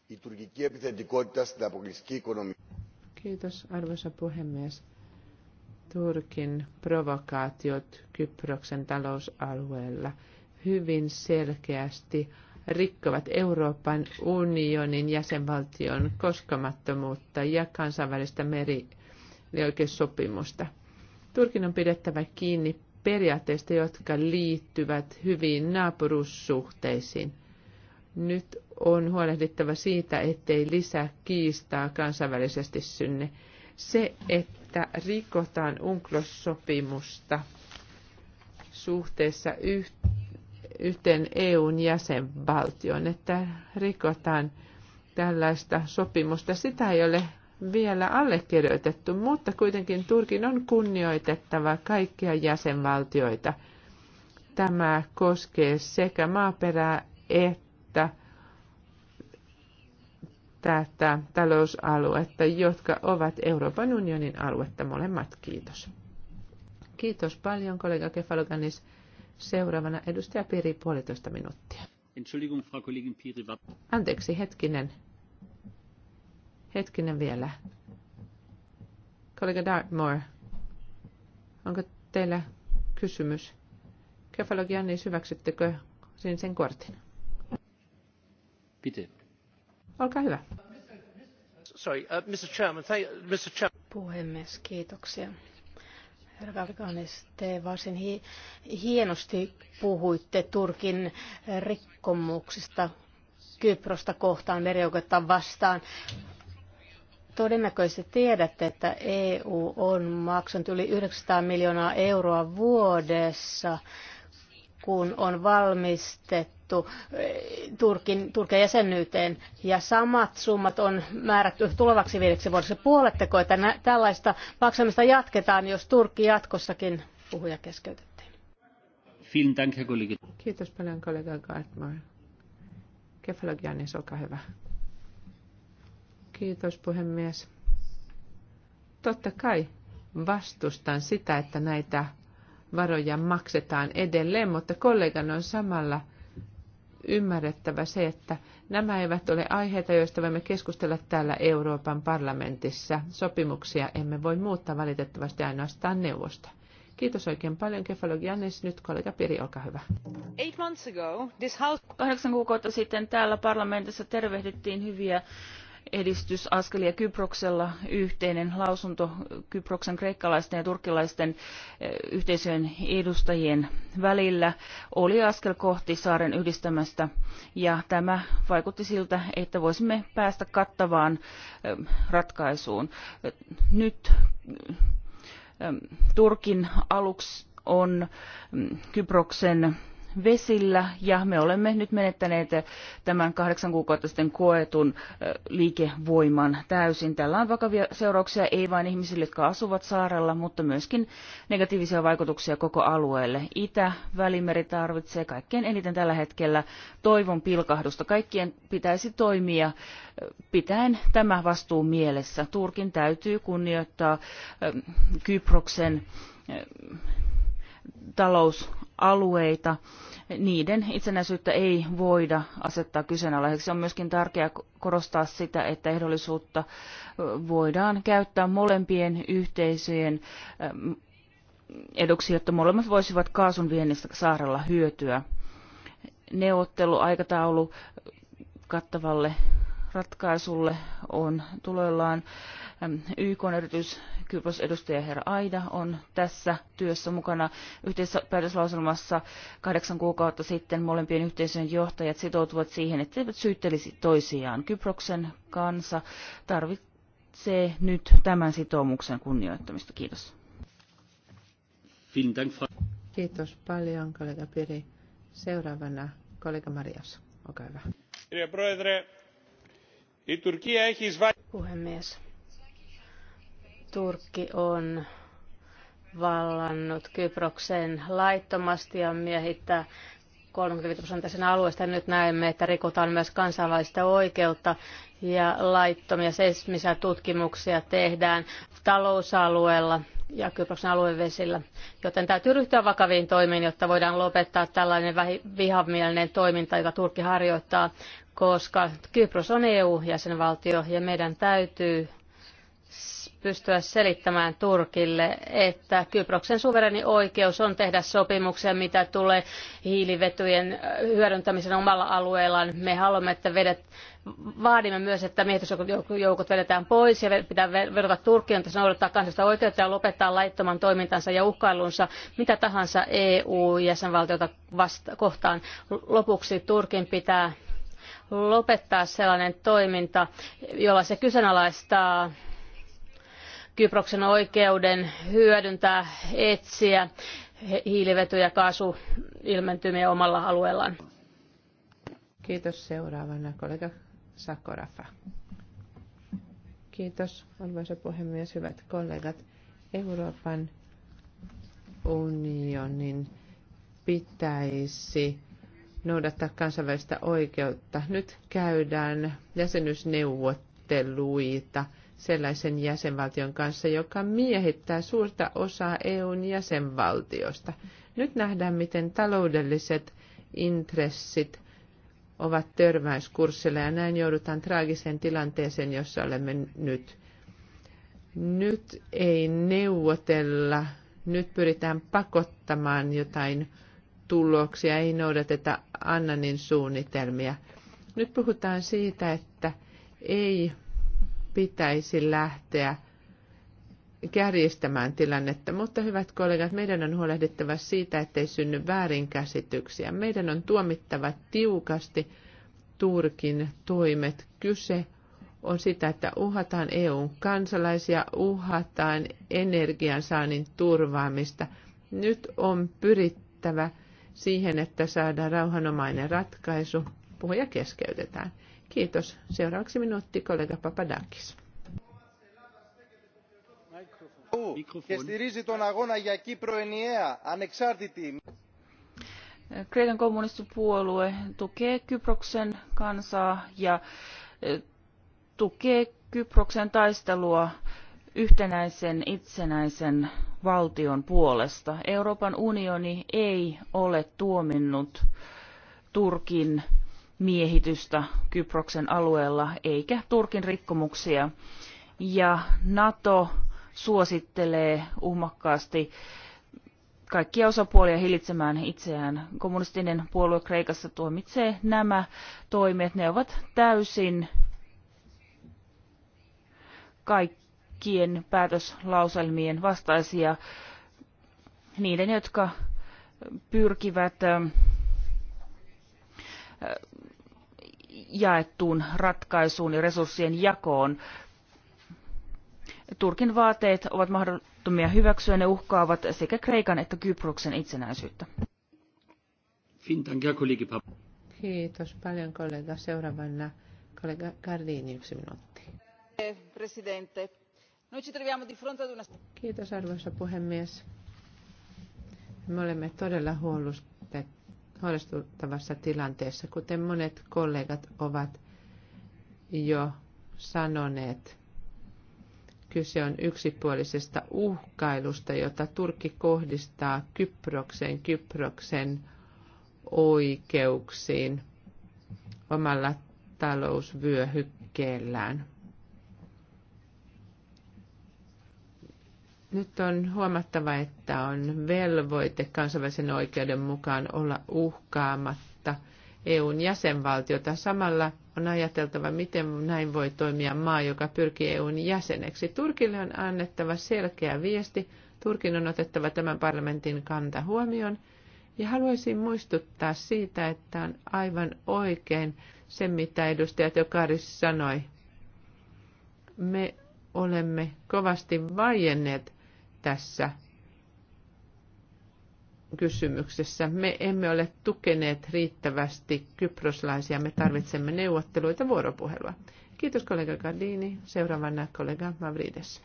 Η τουρκική επιθετικότητα στην αποκλειστική οικονομία. Kiitos, arvoisa puhemies. Turkin provokaatiot Kyproksen talousalueella hyvin selkeästi rikkovat Euroopan unionin jäsenvaltion koskemattomuutta ja kansainvälistä merioikeussopimusta. Turkin on pidettävä kiinni periaatteista, jotka liittyvät hyviin naapuruussuhteisiin. Nyt on huolehdittava siitä, ettei lisää kiistaa kansainvälisesti synne. Se, että rikotaan UNCLOS-sopimusta suhteessa yhteen EUn jäsenvaltioon, että rikotaan tällaista sopimusta, sitä ei ole vielä allekirjoitettu, mutta kuitenkin Turkin on kunnioitettava kaikkia jäsenvaltioita. Tämä koskee sekä maaperää että tätä talousaluetta, jotka ovat Euroopan unionin aluetta molemmat. Kiitos. Kiitos paljon, kollega Kefaloganis. Seuraavana edustaja Piri, puolitoista minuuttia. Anteeksi, hetkinen. Hetkinen vielä. Kollega Dartmoor, onko teillä kysymys? niin hyväksyttekö sen kortin? Pite. Olkaa hyvä. Sorry, uh, Mr. Chairman, thank, Mr. Chairman. Puhemies, kiitoksia. Herra Valkanis, te varsin hi- hienosti puhuitte Turkin rikkomuksista Kyprosta kohtaan, merioikeutta vastaan todennäköisesti tiedätte, että EU on maksanut yli 900 miljoonaa euroa vuodessa, kun on valmistettu eh, Turkin, Turkin jäsenyyteen. Ja samat summat on määrätty tulevaksi viideksi vuodeksi. Puoletteko, että nä- tällaista maksamista jatketaan, jos Turkki jatkossakin puhuja keskeytettiin? Kiitos paljon kollega Gartmar. Kefalogianis, olkaa hyvä. Kiitos puhemies. Totta kai vastustan sitä, että näitä varoja maksetaan edelleen, mutta kollegan on samalla ymmärrettävä se, että nämä eivät ole aiheita, joista voimme keskustella täällä Euroopan parlamentissa. Sopimuksia emme voi muuttaa valitettavasti ainoastaan neuvosta. Kiitos oikein paljon, Kefalogiannis. Nyt kollega Piri, olkaa hyvä. Eight months ago, this house... Kahdeksan kuukautta sitten täällä parlamentissa tervehdittiin hyviä edistysaskelia Kyproksella yhteinen lausunto Kyproksen kreikkalaisten ja turkkilaisten eh, yhteisöjen edustajien välillä oli askel kohti saaren yhdistämistä ja tämä vaikutti siltä, että voisimme päästä kattavaan eh, ratkaisuun. Nyt eh, Turkin aluksi on mm, Kyproksen vesillä ja me olemme nyt menettäneet tämän kahdeksan kuukautta sitten koetun liikevoiman täysin. Tällä on vakavia seurauksia ei vain ihmisille, jotka asuvat saarella, mutta myöskin negatiivisia vaikutuksia koko alueelle. Itä-Välimeri tarvitsee kaikkein eniten tällä hetkellä toivon pilkahdusta. Kaikkien pitäisi toimia pitäen tämä vastuu mielessä. Turkin täytyy kunnioittaa Kyproksen talousalueita, niiden itsenäisyyttä ei voida asettaa kyseenalaiseksi. On myöskin tärkeää korostaa sitä, että ehdollisuutta voidaan käyttää molempien yhteisöjen eh, eduksi, jotta molemmat voisivat kaasun viennistä saarella hyötyä. Neuvotteluaikataulu kattavalle ratkaisulle on tuloillaan. YK on edustaja herra Aida on tässä työssä mukana päätöslauselmassa kahdeksan kuukautta sitten molempien yhteisöjen johtajat sitoutuvat siihen, eivät syyttelisi toisiaan. Kyproksen kansa tarvitsee nyt tämän sitoumuksen kunnioittamista. Kiitos. Kiitos paljon kollega Piri. Seuraavana kollega Marias, olkaa hyvä. Puhemies. Turkki on vallannut Kyproksen laittomasti ja miehittää 35 prosenttia sen alueesta. Nyt näemme, että rikotaan myös kansainvälistä oikeutta ja laittomia seismisiä tutkimuksia tehdään talousalueella ja Kyproksen aluevesillä. Joten täytyy ryhtyä vakaviin toimiin, jotta voidaan lopettaa tällainen vihamielinen toiminta, jota Turkki harjoittaa koska Kypros on EU-jäsenvaltio ja meidän täytyy pystyä selittämään Turkille, että Kyproksen suvereni oikeus on tehdä sopimuksia, mitä tulee hiilivetyjen hyödyntämisen omalla alueellaan. Me haluamme, että vedet, vaadimme myös, että miehitysjoukot vedetään pois ja pitää vedota Turkkiin, että se noudattaa kansallista oikeutta ja lopettaa laittoman toimintansa ja uhkailunsa mitä tahansa EU-jäsenvaltiota vasta- kohtaan. Lopuksi Turkin pitää lopettaa sellainen toiminta, jolla se kyseenalaistaa Kyproksen oikeuden hyödyntää, etsiä hiilivety- ja kaasuilmentymiä omalla alueellaan. Kiitos seuraavana kollega Sakorafa. Kiitos arvoisa puhemies, hyvät kollegat. Euroopan unionin pitäisi noudattaa kansainvälistä oikeutta. Nyt käydään jäsenyysneuvotteluita sellaisen jäsenvaltion kanssa, joka miehittää suurta osaa EUn jäsenvaltiosta. Nyt nähdään, miten taloudelliset intressit ovat törmäyskurssilla ja näin joudutaan traagiseen tilanteeseen, jossa olemme nyt. Nyt ei neuvotella, nyt pyritään pakottamaan jotain tuloksia, ei noudateta Annanin suunnitelmia. Nyt puhutaan siitä, että ei pitäisi lähteä kärjistämään tilannetta, mutta hyvät kollegat, meidän on huolehdittava siitä, ettei synny väärinkäsityksiä. Meidän on tuomittava tiukasti Turkin toimet. Kyse on sitä, että uhataan EUn kansalaisia, uhataan energiansaannin turvaamista. Nyt on pyrittävä siihen, että saadaan rauhanomainen ratkaisu. Puhuja keskeytetään. Kiitos. Seuraavaksi minuutti kollega Papadakis. Kreikan kommunistipuolue tukee Kyproksen kansaa ja tukee Kyproksen taistelua yhtenäisen itsenäisen valtion puolesta. Euroopan unioni ei ole tuominnut Turkin miehitystä Kyproksen alueella eikä Turkin rikkomuksia. Ja NATO suosittelee uhmakkaasti kaikkia osapuolia hillitsemään itseään. Kommunistinen puolue Kreikassa tuomitsee nämä toimet. Ne ovat täysin kaikki kaikkien päätöslauselmien vastaisia niiden, jotka pyrkivät ähm, äh, jaettuun ratkaisuun ja resurssien jakoon. Turkin vaateet ovat mahdottomia hyväksyä, ne uhkaavat sekä Kreikan että Kyproksen itsenäisyyttä. Kiitos paljon kollega. Seuraavana kollega Gardini yksi minuutti. Presidente. Kiitos arvoisa puhemies. Me olemme todella huolestuttavassa tilanteessa, kuten monet kollegat ovat jo sanoneet. Kyse on yksipuolisesta uhkailusta, jota Turkki kohdistaa Kyproksen, Kyproksen oikeuksiin omalla talousvyöhykkeellään. Nyt on huomattava, että on velvoite kansainvälisen oikeuden mukaan olla uhkaamatta EUn jäsenvaltiota. Samalla on ajateltava, miten näin voi toimia maa, joka pyrkii EUn jäseneksi. Turkille on annettava selkeä viesti. Turkin on otettava tämän parlamentin kanta huomioon. Ja haluaisin muistuttaa siitä, että on aivan oikein se, mitä edustaja Tokaris sanoi. Me olemme kovasti vaienneet tässä kysymyksessä. Me emme ole tukeneet riittävästi kyproslaisia. Me tarvitsemme neuvotteluita vuoropuhelua. Kiitos kollega Gardini. Seuraavana kollega Mavrides.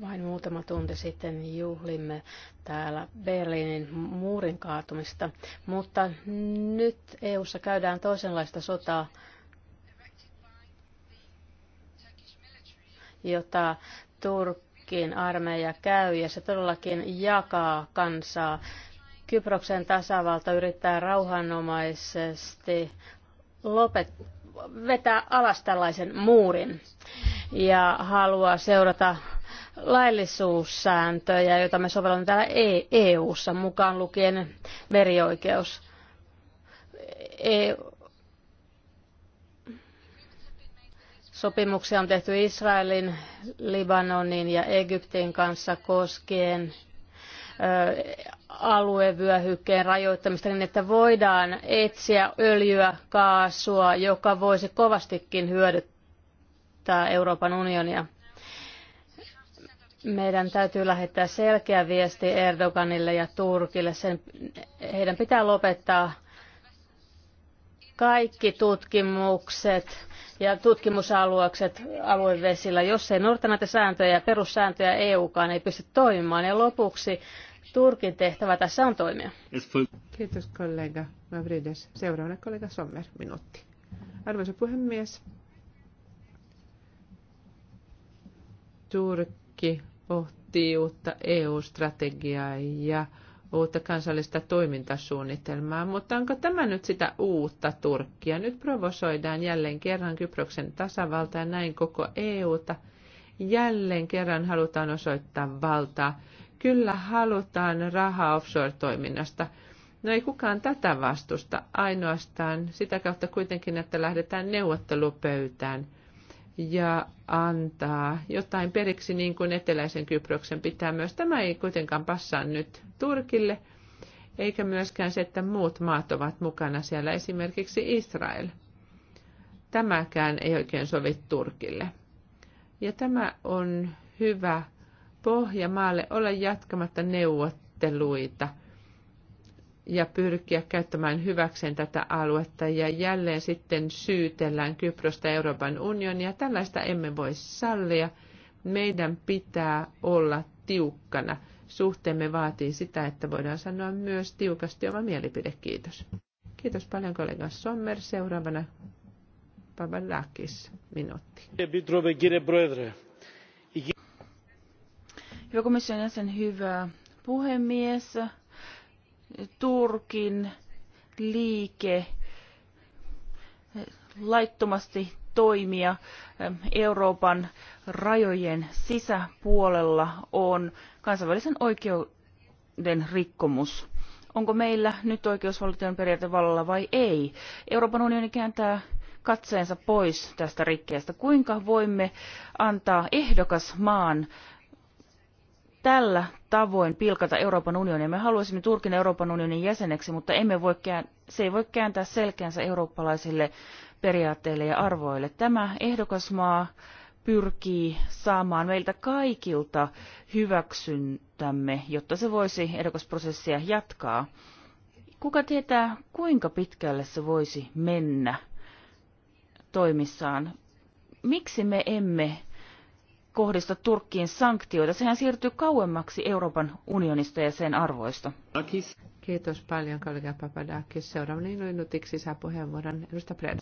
Vain muutama tunti sitten juhlimme täällä Berliinin muurin kaatumista, mutta nyt EU:ssa käydään toisenlaista sotaa jota Turkin armeija käy, ja se todellakin jakaa kansaa. Kyproksen tasavalta yrittää rauhanomaisesti lopet, vetää alas tällaisen muurin ja haluaa seurata laillisuussääntöjä, joita me sovellamme täällä EU-ssa, e mukaan lukien merioikeus. EU Sopimuksia on tehty Israelin, Libanonin ja Egyptin kanssa koskien aluevyöhykkeen rajoittamista niin, että voidaan etsiä öljyä, kaasua, joka voisi kovastikin hyödyttää Euroopan unionia. Meidän täytyy lähettää selkeä viesti Erdoganille ja Turkille. Sen, heidän pitää lopettaa kaikki tutkimukset ja tutkimusalueet aluevesillä. Jos ei noudata näitä sääntöjä, perussääntöjä EUkaan ei pysty toimimaan. Ja lopuksi Turkin tehtävä tässä on toimia. Kiitos kollega Mavrides. Seuraavana kollega Sommer, minuutti. Arvoisa puhemies, Turkki pohtii uutta EU-strategiaa ja uutta kansallista toimintasuunnitelmaa, mutta onko tämä nyt sitä uutta Turkkia? Nyt provosoidaan jälleen kerran Kyproksen tasavalta ja näin koko EUta. Jälleen kerran halutaan osoittaa valtaa. Kyllä halutaan rahaa offshore-toiminnasta. No ei kukaan tätä vastusta, ainoastaan sitä kautta kuitenkin, että lähdetään neuvottelupöytään – ja antaa jotain periksi niin kuin eteläisen Kyproksen pitää myös. Tämä ei kuitenkaan passaa nyt Turkille, eikä myöskään se, että muut maat ovat mukana siellä, esimerkiksi Israel. Tämäkään ei oikein sovi Turkille. Ja tämä on hyvä pohja maalle olla jatkamatta neuvotteluita – ja pyrkiä käyttämään hyväkseen tätä aluetta ja jälleen sitten syytellään Kyprosta Euroopan unionia. Tällaista emme voi sallia. Meidän pitää olla tiukkana. Suhteemme vaatii sitä, että voidaan sanoa myös tiukasti oma mielipide. Kiitos. Kiitos paljon kollega Sommer. Seuraavana Papadakis, minuutti. Hyvä komission jäsen, hyvä puhemies. Turkin liike laittomasti toimia ähm, Euroopan rajojen sisäpuolella on kansainvälisen oikeuden rikkomus. Onko meillä nyt oikeusvaltion periaate vallalla vai ei? Euroopan unioni kääntää katseensa pois tästä rikkeestä. Kuinka voimme antaa ehdokas maan tällä tavoin pilkata Euroopan unionia. Me haluaisimme Turkin Euroopan unionin jäseneksi, mutta emme voi se ei voi kääntää selkäänsä eurooppalaisille periaatteille ja arvoille. Tämä ehdokasmaa pyrkii saamaan meiltä kaikilta hyväksyntämme, jotta se voisi ehdokasprosessia jatkaa. Kuka tietää, kuinka pitkälle se voisi mennä toimissaan? Miksi me emme kohdista Turkkiin sanktioita. Sehän siirtyy kauemmaksi Euroopan unionista ja sen arvoista. Kiitos paljon, kollega Papadakis. Seuraavana minuutiksi saa puheenvuoron edustaja Pred.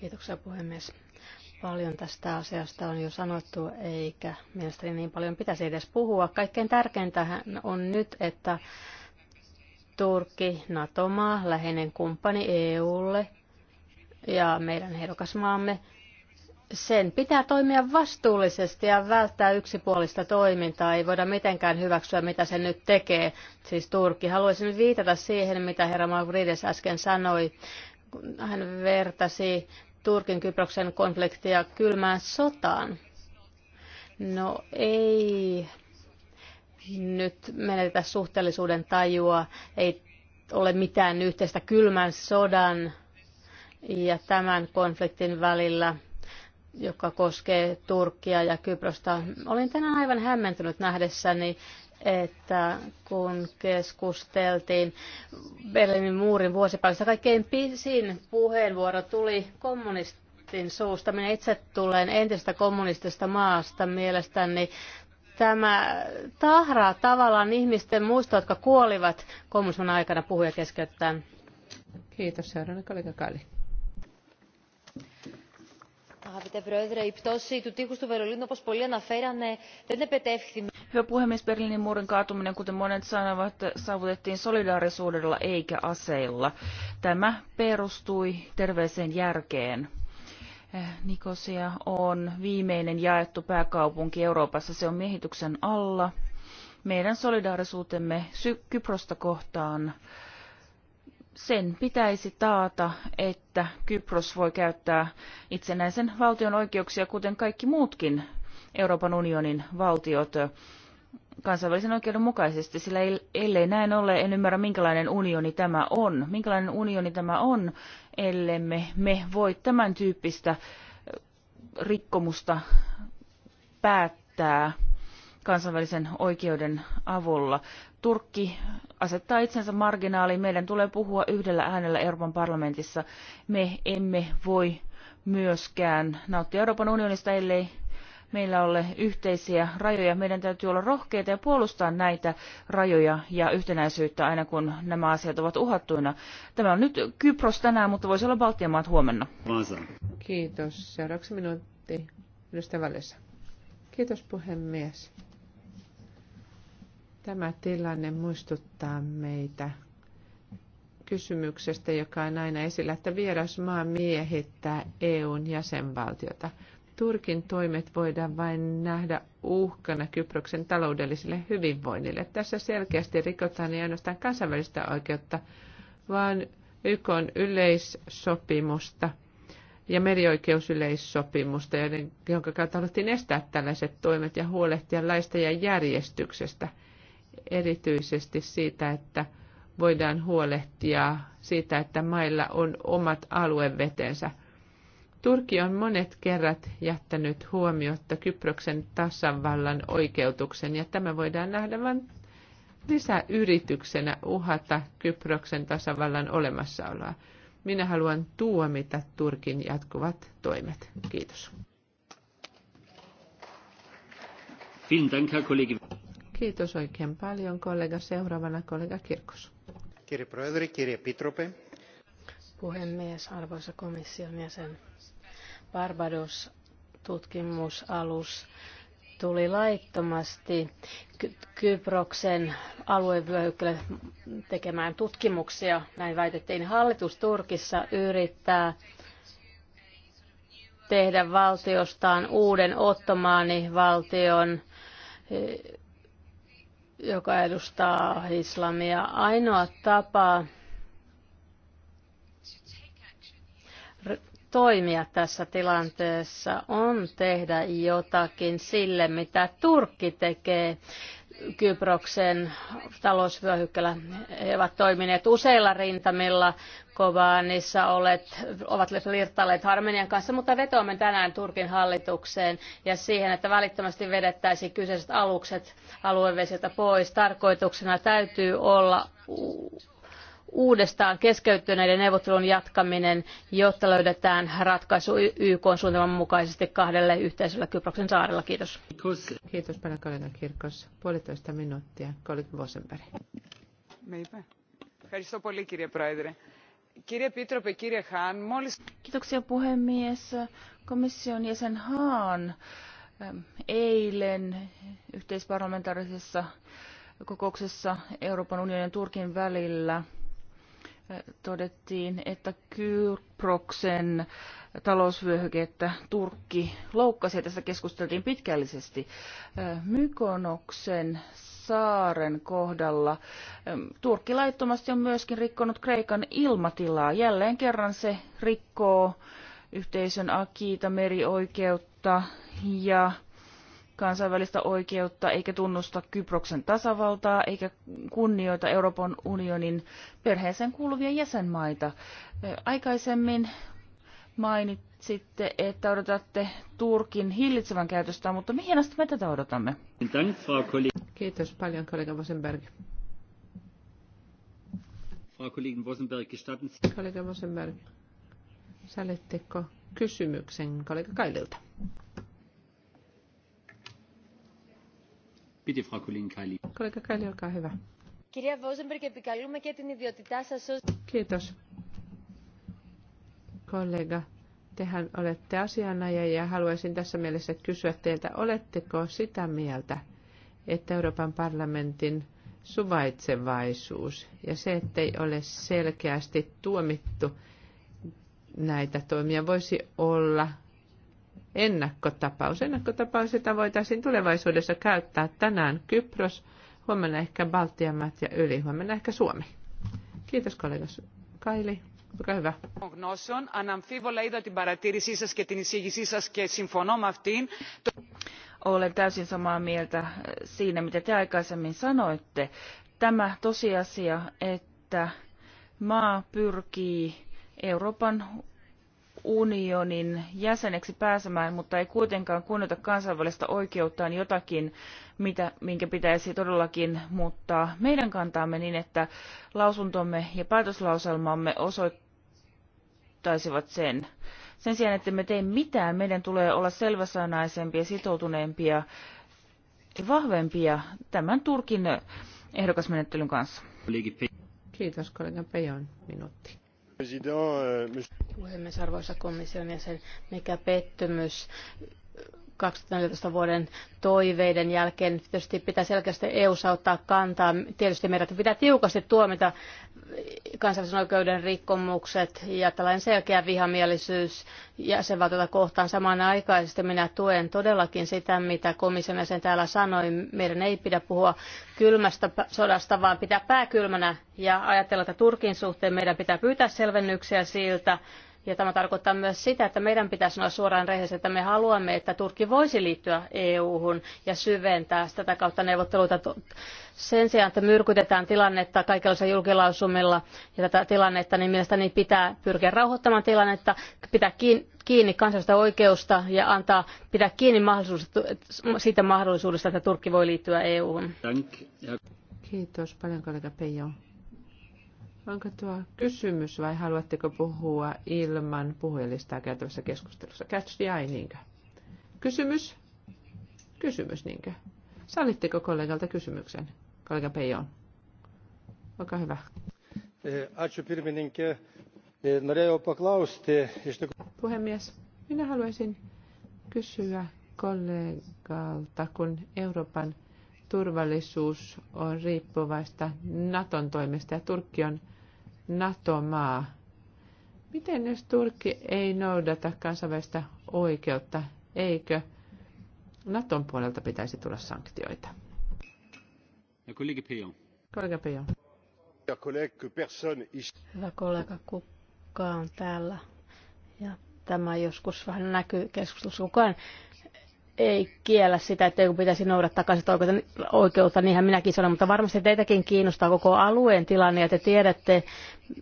Kiitoksia puhemies. Paljon tästä asiasta on jo sanottu, eikä mielestäni niin paljon pitäisi edes puhua. Kaikkein tärkeintä on nyt, että Turkki, NATO-maa, läheinen kumppani EUlle ja meidän ehdokasmaamme – sen pitää toimia vastuullisesti ja välttää yksipuolista toimintaa. Ei voida mitenkään hyväksyä, mitä se nyt tekee, siis Turkki. Haluaisin viitata siihen, mitä herra Mavrides äsken sanoi. Hän vertasi Turkin Kyproksen konfliktia kylmään sotaan. No ei nyt menetä suhteellisuuden tajua, ei ole mitään yhteistä kylmän sodan ja tämän konfliktin välillä – joka koskee Turkkia ja Kyprosta. Olin tänään aivan hämmentynyt nähdessäni, että kun keskusteltiin Berliinin muurin vuosipäivästä, kaikkein pisin puheenvuoro tuli kommunistin suusta. Minä itse tulen entistä kommunistista maasta mielestäni. Tämä tahraa tavallaan ihmisten muista, jotka kuolivat kommunismin aikana puhuja keskeyttää. Kiitos. Seuraavana kollega Kali. Hyvä puhemies, Berliinin muurin kaatuminen, kuten monet sanovat, saavutettiin solidaarisuudella eikä aseilla. Tämä perustui terveeseen järkeen. Eh, Nikosia on viimeinen jaettu pääkaupunki Euroopassa. Se on miehityksen alla. Meidän solidaarisuutemme Kyprosta kohtaan sen pitäisi taata, että Kypros voi käyttää itsenäisen valtion oikeuksia, kuten kaikki muutkin Euroopan unionin valtiot kansainvälisen oikeuden mukaisesti, sillä ellei näin ole, en ymmärrä minkälainen unioni tämä on. Minkälainen unioni tämä on, ellemme me voi tämän tyyppistä rikkomusta päättää kansainvälisen oikeuden avulla. Turkki asettaa itsensä marginaaliin. Meidän tulee puhua yhdellä äänellä Euroopan parlamentissa. Me emme voi myöskään nauttia Euroopan unionista, ellei meillä ole yhteisiä rajoja. Meidän täytyy olla rohkeita ja puolustaa näitä rajoja ja yhtenäisyyttä aina kun nämä asiat ovat uhattuina. Tämä on nyt Kypros tänään, mutta voisi olla Baltian maat huomenna. Kiitos. Seuraavaksi minuutti. Kiitos puhemies. Tämä tilanne muistuttaa meitä kysymyksestä, joka on aina esillä, että vierasmaa miehittää EUn jäsenvaltiota. Turkin toimet voidaan vain nähdä uhkana Kyproksen taloudelliselle hyvinvoinnille. Tässä selkeästi rikotaan ei ainoastaan kansainvälistä oikeutta, vaan YK on yleissopimusta ja merioikeusyleissopimusta, jonka kautta haluttiin estää tällaiset toimet ja huolehtia laista ja järjestyksestä – erityisesti siitä, että voidaan huolehtia siitä, että mailla on omat aluevetensä. Turkki on monet kerrat jättänyt huomiotta Kyproksen tasavallan oikeutuksen, ja tämä voidaan nähdä vain lisäyrityksenä uhata Kyproksen tasavallan olemassaoloa. Minä haluan tuomita Turkin jatkuvat toimet. Kiitos. Kiitos oikein paljon kollega. Seuraavana kollega Kirkos. Kirje Proedri, kirje Pitrope. Puhemies, arvoisa komission jäsen. Barbados-tutkimusalus tuli laittomasti Kyproksen aluevyöhykkeelle tekemään tutkimuksia. Näin väitettiin. Hallitus Turkissa yrittää tehdä valtiostaan uuden ottomaanivaltion joka edustaa islamia. Ainoa tapa toimia tässä tilanteessa on tehdä jotakin sille, mitä Turkki tekee. Kyproksen talousvyöhykkeellä. He ovat toimineet useilla rintamilla Kovanissa olet, ovat liirtaleet Armenian kanssa, mutta vetoamme tänään Turkin hallitukseen ja siihen, että välittömästi vedettäisiin kyseiset alukset aluevesiltä pois. Tarkoituksena täytyy olla uudestaan keskeyttyneiden neuvottelun jatkaminen, jotta löydetään ratkaisu YK suunnitelman mukaisesti kahdelle yhteisölle Kyproksen saarella. Kiitos. Kiitos paljon Kalina Kirkos. Puolitoista minuuttia. Kolik Vosenberg. Meipä. Kiitos paljon, kirja Kiitoksia puhemies. Komission jäsen Haan ähm, eilen yhteisparlamentaarisessa kokouksessa Euroopan unionin ja Turkin välillä äh, todettiin, että Kyproksen talousvyöhykettä Turkki loukkasi ja tästä keskusteltiin pitkällisesti. Äh, Mykonoksen saaren kohdalla. Turkki on myöskin rikkonut Kreikan ilmatilaa. Jälleen kerran se rikkoo yhteisön akiita merioikeutta ja kansainvälistä oikeutta, eikä tunnusta Kyproksen tasavaltaa, eikä kunnioita Euroopan unionin perheeseen kuuluvia jäsenmaita. Aikaisemmin mainitsitte, että odotatte Turkin hillitsevän käytöstä, mutta mihin asti me tätä odotamme? Kiitos paljon, kollega Vosenberg. Frau Kollegin Vosenberg, gestatten Sie... Kollega Vosenberg, sallitteko kysymyksen kollega Kaililta? Bitte, Frau Kollegin Kaili. Kollega Kaili, olkaa hyvä. Kirja Vosenberg, επικαλούμε και την ιδιότητά σας Kiitos. Kollega, tehän olette asianajaja ja haluaisin tässä mielessä kysyä teiltä, oletteko sitä mieltä, että Euroopan parlamentin suvaitsevaisuus ja se, ettei ole selkeästi tuomittu näitä toimia, voisi olla ennakkotapaus. Ennakkotapaus, jota voitaisiin tulevaisuudessa käyttää tänään Kypros, huomenna ehkä Baltiamat ja yli, huomenna ehkä Suomi. Kiitos kollega Kaili. Olkaa hyvä. Αναμφίβολα είδα την παρατήρησή σας και την εισήγησή σας και συμφωνώ με αυτήν. Olen täysin samaa mieltä äh, siinä, mitä te aikaisemmin sanoitte. Tämä tosiasia, että maa pyrkii Euroopan unionin jäseneksi pääsemään, mutta ei kuitenkaan kunnioita kansainvälistä oikeuttaan jotakin, mitä, minkä pitäisi todellakin muuttaa meidän kantaamme niin, että lausuntomme ja päätöslauselmamme osoittaisivat sen. Sen sijaan, että me tee mitään, meidän tulee olla selväsanaisempia, sitoutuneempia ja vahvempia tämän Turkin ehdokasmenettelyn kanssa. Kiitos, kollega Pejon minuutti. Euh, Puhemies, arvoisa komission jäsen, mikä pettymys 2014 vuoden toiveiden jälkeen tietysti pitää selkeästi eu ottaa kantaa. Tietysti meidän pitää tiukasti tuomita kansainvälisen oikeuden rikkomukset ja tällainen selkeä vihamielisyys jäsenvaltiota kohtaan. Samanaikaisesti minä tuen todellakin sitä, mitä komission jäsen täällä sanoi. Meidän ei pidä puhua kylmästä sodasta, vaan pitää pää kylmänä ja ajatella, että Turkin suhteen meidän pitää pyytää selvennyksiä siltä, ja tämä tarkoittaa myös sitä, että meidän pitäisi sanoa suoraan rehellisesti, että me haluamme, että Turkki voisi liittyä EU-hun ja syventää tätä kautta neuvotteluita. Sen sijaan, että myrkytetään tilannetta kaikenlaisilla julkilausumilla ja tätä tilannetta, niin mielestäni pitää pyrkiä rauhoittamaan tilannetta, pitää kiinni kansallista oikeusta ja antaa pitää kiinni mahdollisuudesta, siitä mahdollisuudesta, että Turkki voi liittyä EU-hun. Kiitos paljon kollega Peijo. Onko tuo kysymys vai haluatteko puhua ilman puhujalistaa käytävässä keskustelussa? Catch the eye, niinkö? Kysymys? Kysymys, niinkö? Sallitteko kollegalta kysymyksen? Kollega Peijon. Olkaa hyvä. E, ačiū pirmininkė. E, norėjau paklausti. Puhemies, minä haluaisin kysyä kollegalta, kun Euroopan turvallisuus on riippuvaista Naton toimesta ja Turkki on NATO-maa, miten jos Turkki ei noudata kansainvälistä oikeutta, eikö Naton puolelta pitäisi tulla sanktioita? Ja kollega Pion. Kollega Pion. Hyvä kollega, kukaan täällä. Ja tämä joskus vähän näkyy keskustelussa. Kukaan ei kiellä sitä, että joku pitäisi noudattaa kansainvälistä oikeutta, niinhän minäkin sanon, mutta varmasti teitäkin kiinnostaa koko alueen tilanne ja te tiedätte,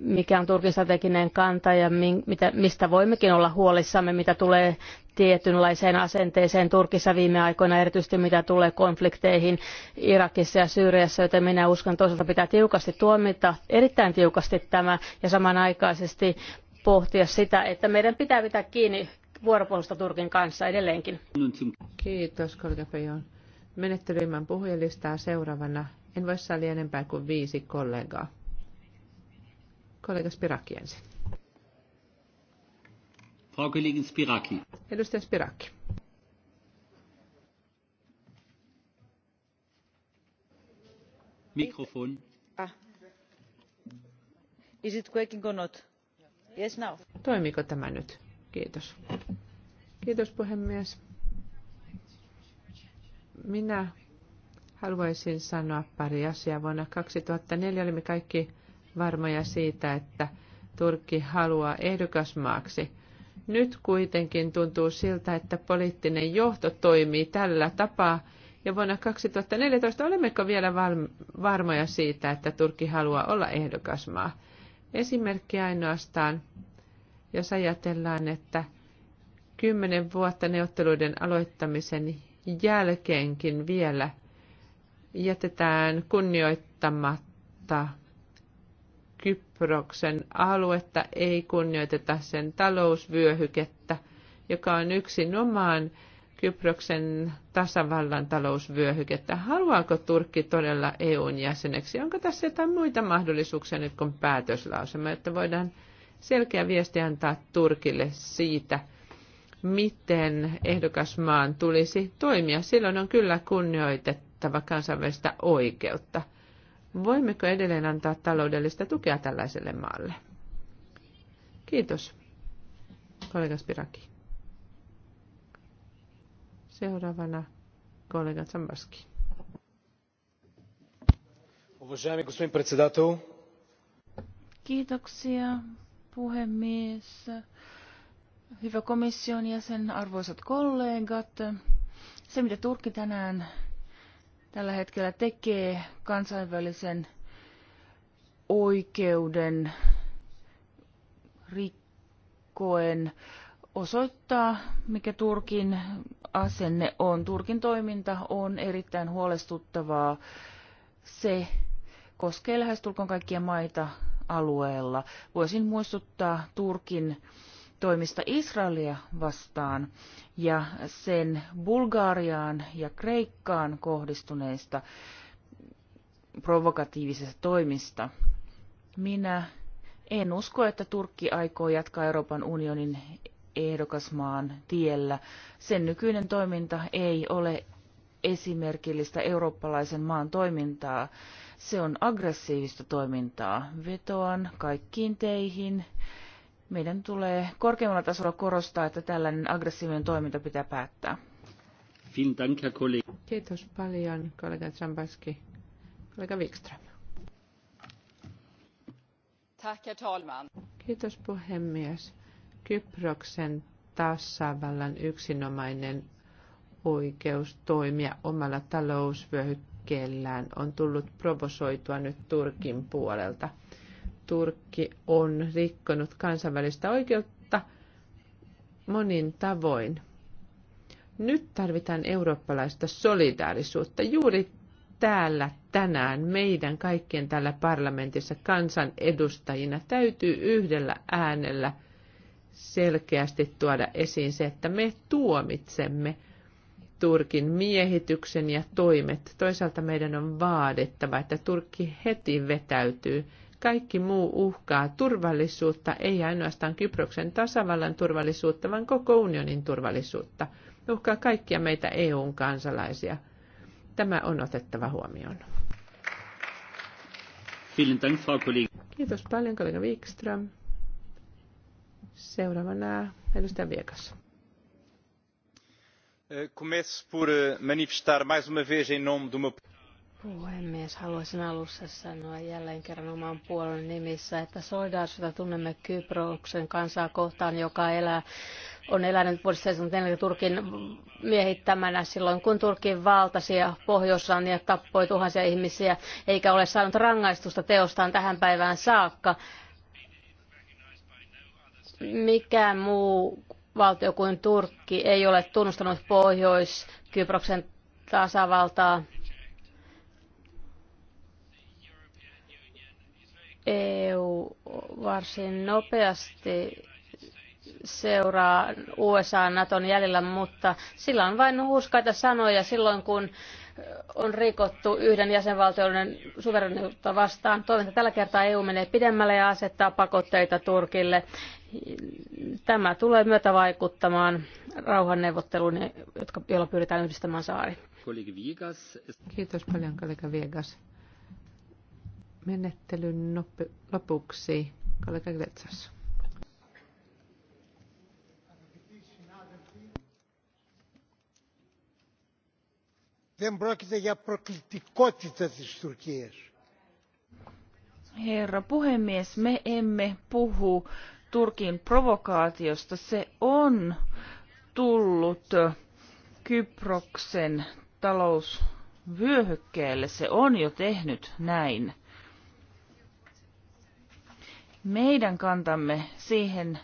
mikä on Turkin strateginen kanta ja mitä mistä voimmekin olla huolissamme, mitä tulee tietynlaiseen asenteeseen Turkissa viime aikoina, erityisesti mitä tulee konflikteihin Irakissa ja Syyriassa, joten minä uskon toisaalta pitää tiukasti tuomita, erittäin tiukasti tämä ja samanaikaisesti pohtia sitä, että meidän pitää pitää kiinni vuoropuhelusta Turkin kanssa edelleenkin. Kiitos, kollega Pejon. Menettelyimän puhujalistaa seuraavana. En voi sallia enempää kuin viisi kollegaa. Kollega Spiraki ensin. Frau Kollegin Spiraki. Edustaja Spiraki. Mikrofon. Ah. Is it working or not? Yes, now. Toimiko tämä nyt? Kiitos. Kiitos puhemies. Minä haluaisin sanoa pari asiaa. Vuonna 2004 olimme kaikki varmoja siitä, että Turkki haluaa ehdokasmaaksi. Nyt kuitenkin tuntuu siltä, että poliittinen johto toimii tällä tapaa. Ja vuonna 2014 olemmeko vielä varmoja siitä, että Turkki haluaa olla ehdokasmaa? Esimerkki ainoastaan, jos ajatellaan, että kymmenen vuotta neuvotteluiden aloittamisen jälkeenkin vielä jätetään kunnioittamatta Kyproksen aluetta, ei kunnioiteta sen talousvyöhykettä, joka on omaan Kyproksen tasavallan talousvyöhykettä. Haluaako Turkki todella EUn jäseneksi? Onko tässä jotain muita mahdollisuuksia nyt kuin päätöslausema, että voidaan selkeä viesti antaa Turkille siitä – miten ehdokasmaan tulisi toimia. Silloin on kyllä kunnioitettava kansainvälistä oikeutta. Voimmeko edelleen antaa taloudellista tukea tällaiselle maalle? Kiitos, kollega Spiraki. Seuraavana kollega Zambaski. Kiitoksia, puhemies. Hyvä komission jäsen, arvoisat kollegat, se mitä Turkki tänään tällä hetkellä tekee kansainvälisen oikeuden rikkoen osoittaa, mikä Turkin asenne on. Turkin toiminta on erittäin huolestuttavaa. Se koskee lähestulkoon kaikkia maita alueella. Voisin muistuttaa Turkin toimista Israelia vastaan ja sen Bulgariaan ja Kreikkaan kohdistuneista provokatiivisista toimista. Minä en usko, että Turkki aikoo jatkaa Euroopan unionin ehdokasmaan tiellä. Sen nykyinen toiminta ei ole esimerkillistä eurooppalaisen maan toimintaa. Se on aggressiivista toimintaa. Vetoan kaikkiin teihin, meidän tulee korkeammalla tasolla korostaa, että tällainen aggressiivinen toiminta pitää päättää. Kiitos paljon, kollega Trambaski. Kollega Wikström. Tack, herr talman. Kiitos puhemies. Kyproksen tasavallan yksinomainen oikeus toimia omalla talousvyöhykkeellään on tullut provosoitua nyt Turkin puolelta. Turkki on rikkonut kansainvälistä oikeutta monin tavoin. Nyt tarvitaan eurooppalaista solidaarisuutta juuri täällä tänään meidän kaikkien täällä parlamentissa kansanedustajina täytyy yhdellä äänellä selkeästi tuoda esiin se, että me tuomitsemme Turkin miehityksen ja toimet. Toisaalta meidän on vaadittava, että Turkki heti vetäytyy kaikki muu uhkaa turvallisuutta, ei ainoastaan Kyproksen tasavallan turvallisuutta, vaan koko unionin turvallisuutta. Uhkaa kaikkia meitä EUn kansalaisia. Tämä on otettava huomioon. Kiitos paljon, kollega Wikström. Seuraavana edustaja Viekas. Eh, começo por eh, manifestar mais uma vez em nome de uma Puhemies, haluaisin alussa sanoa jälleen kerran oman puolen nimissä, että solidaarisuutta tunnemme Kyproksen kansaa kohtaan, joka elää, on elänyt vuodesta 1974 Turkin miehittämänä silloin, kun Turkin valtasi ja pohjois ja tappoi tuhansia ihmisiä, eikä ole saanut rangaistusta teostaan tähän päivään saakka. Mikään muu valtio kuin Turkki ei ole tunnustanut Pohjois-Kyproksen tasavaltaa EU varsin nopeasti seuraa USA Naton jäljellä, mutta sillä on vain uskaita sanoja silloin, kun on rikottu yhden jäsenvaltioiden suverenuutta vastaan. Toivon, tällä kertaa EU menee pidemmälle ja asettaa pakotteita Turkille. Tämä tulee myötä vaikuttamaan rauhanneuvotteluun, jotka, joilla pyritään yhdistämään saari. Kiitos paljon, kollega Viegas menettelyn lopuksi kollega Gletsas. Herra puhemies, me emme puhu Turkin provokaatiosta. Se on tullut Kyproksen talousvyöhykkeelle. Se on jo tehnyt näin meidän kantamme siihen,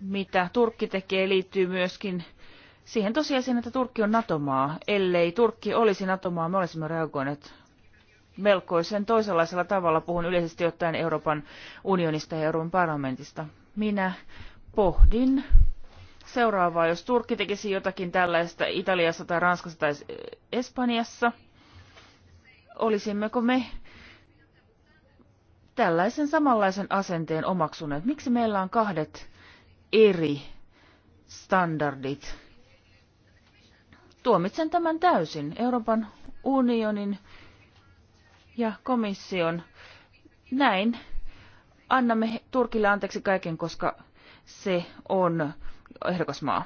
mitä Turkki tekee, liittyy myöskin siihen tosiasiaan, että Turkki on NATO-maa, Ellei Turkki olisi NATO-maa, me olisimme reagoineet melkoisen toisenlaisella tavalla. Puhun yleisesti ottaen Euroopan unionista ja Euroopan parlamentista. Minä pohdin seuraavaa, jos Turkki tekisi jotakin tällaista Italiassa tai Ranskassa tai Espanjassa, olisimmeko me tällaisen samanlaisen asenteen omaksuneet? Miksi meillä on kahdet eri standardit? Tuomitsen tämän täysin Euroopan unionin ja komission. Näin annamme Turkille anteeksi kaiken, koska se on ehdokasmaa.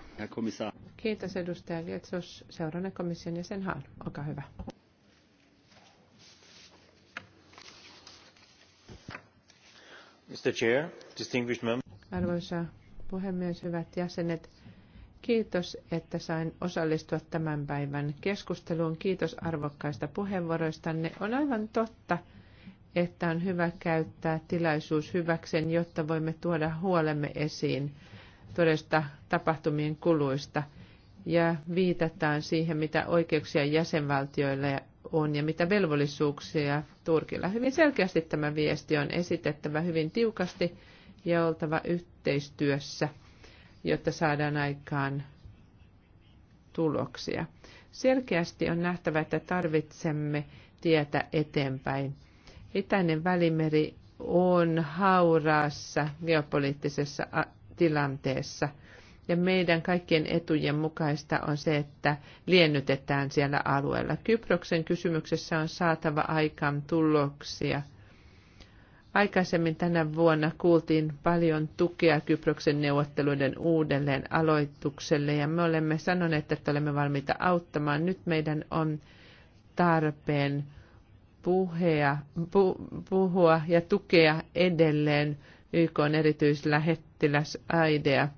Kiitos edustaja Lietsos, seuraavan komission jäsen Haan. Olkaa hyvä. Arvoisa puhemies, hyvät jäsenet. Kiitos, että sain osallistua tämän päivän keskusteluun. Kiitos arvokkaista puheenvuoroistanne. On aivan totta, että on hyvä käyttää tilaisuus hyväkseen, jotta voimme tuoda huolemme esiin todesta tapahtumien kuluista ja viitataan siihen, mitä oikeuksia jäsenvaltioilla on ja mitä velvollisuuksia Turkilla. Hyvin selkeästi tämä viesti on esitettävä hyvin tiukasti ja oltava yhteistyössä, jotta saadaan aikaan tuloksia. Selkeästi on nähtävä, että tarvitsemme tietä eteenpäin. Itäinen välimeri on hauraassa geopoliittisessa tilanteessa – ja meidän kaikkien etujen mukaista on se, että liennytetään siellä alueella. Kyproksen kysymyksessä on saatava aikaan tuloksia. Aikaisemmin tänä vuonna kuultiin paljon tukea Kyproksen neuvotteluiden uudelleen aloitukselle ja me olemme sanoneet, että olemme valmiita auttamaan. Nyt meidän on tarpeen puhea, pu, puhua ja tukea edelleen YK erityislähettiläs Aidea –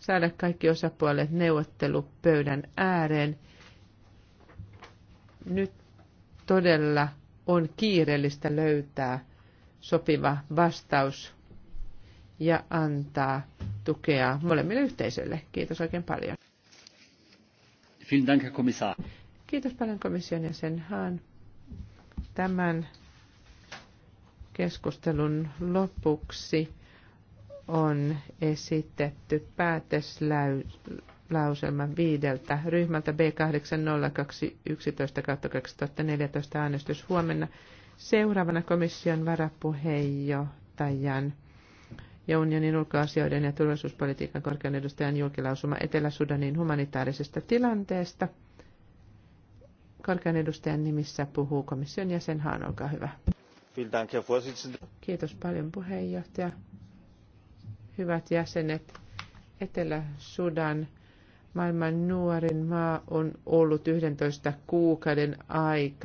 saada kaikki osapuolet neuvottelupöydän ääreen. Nyt todella on kiireellistä löytää sopiva vastaus ja antaa tukea molemmille yhteisöille. Kiitos oikein paljon. Kiitos paljon komission jäsen Haan. Tämän keskustelun lopuksi on esitetty päätöslauselman viideltä ryhmältä B8021-2014 äänestys huomenna. Seuraavana komission varapuheenjohtajan ja unionin ulkoasioiden ja turvallisuuspolitiikan korkean edustajan julkilausuma Etelä-Sudanin humanitaarisesta tilanteesta. Korkean edustajan nimissä puhuu komission jäsen Haan, olkaa hyvä. Kiitos paljon puheenjohtaja hyvät jäsenet, Etelä-Sudan maailman nuorin maa on ollut 11 kuukauden aikana.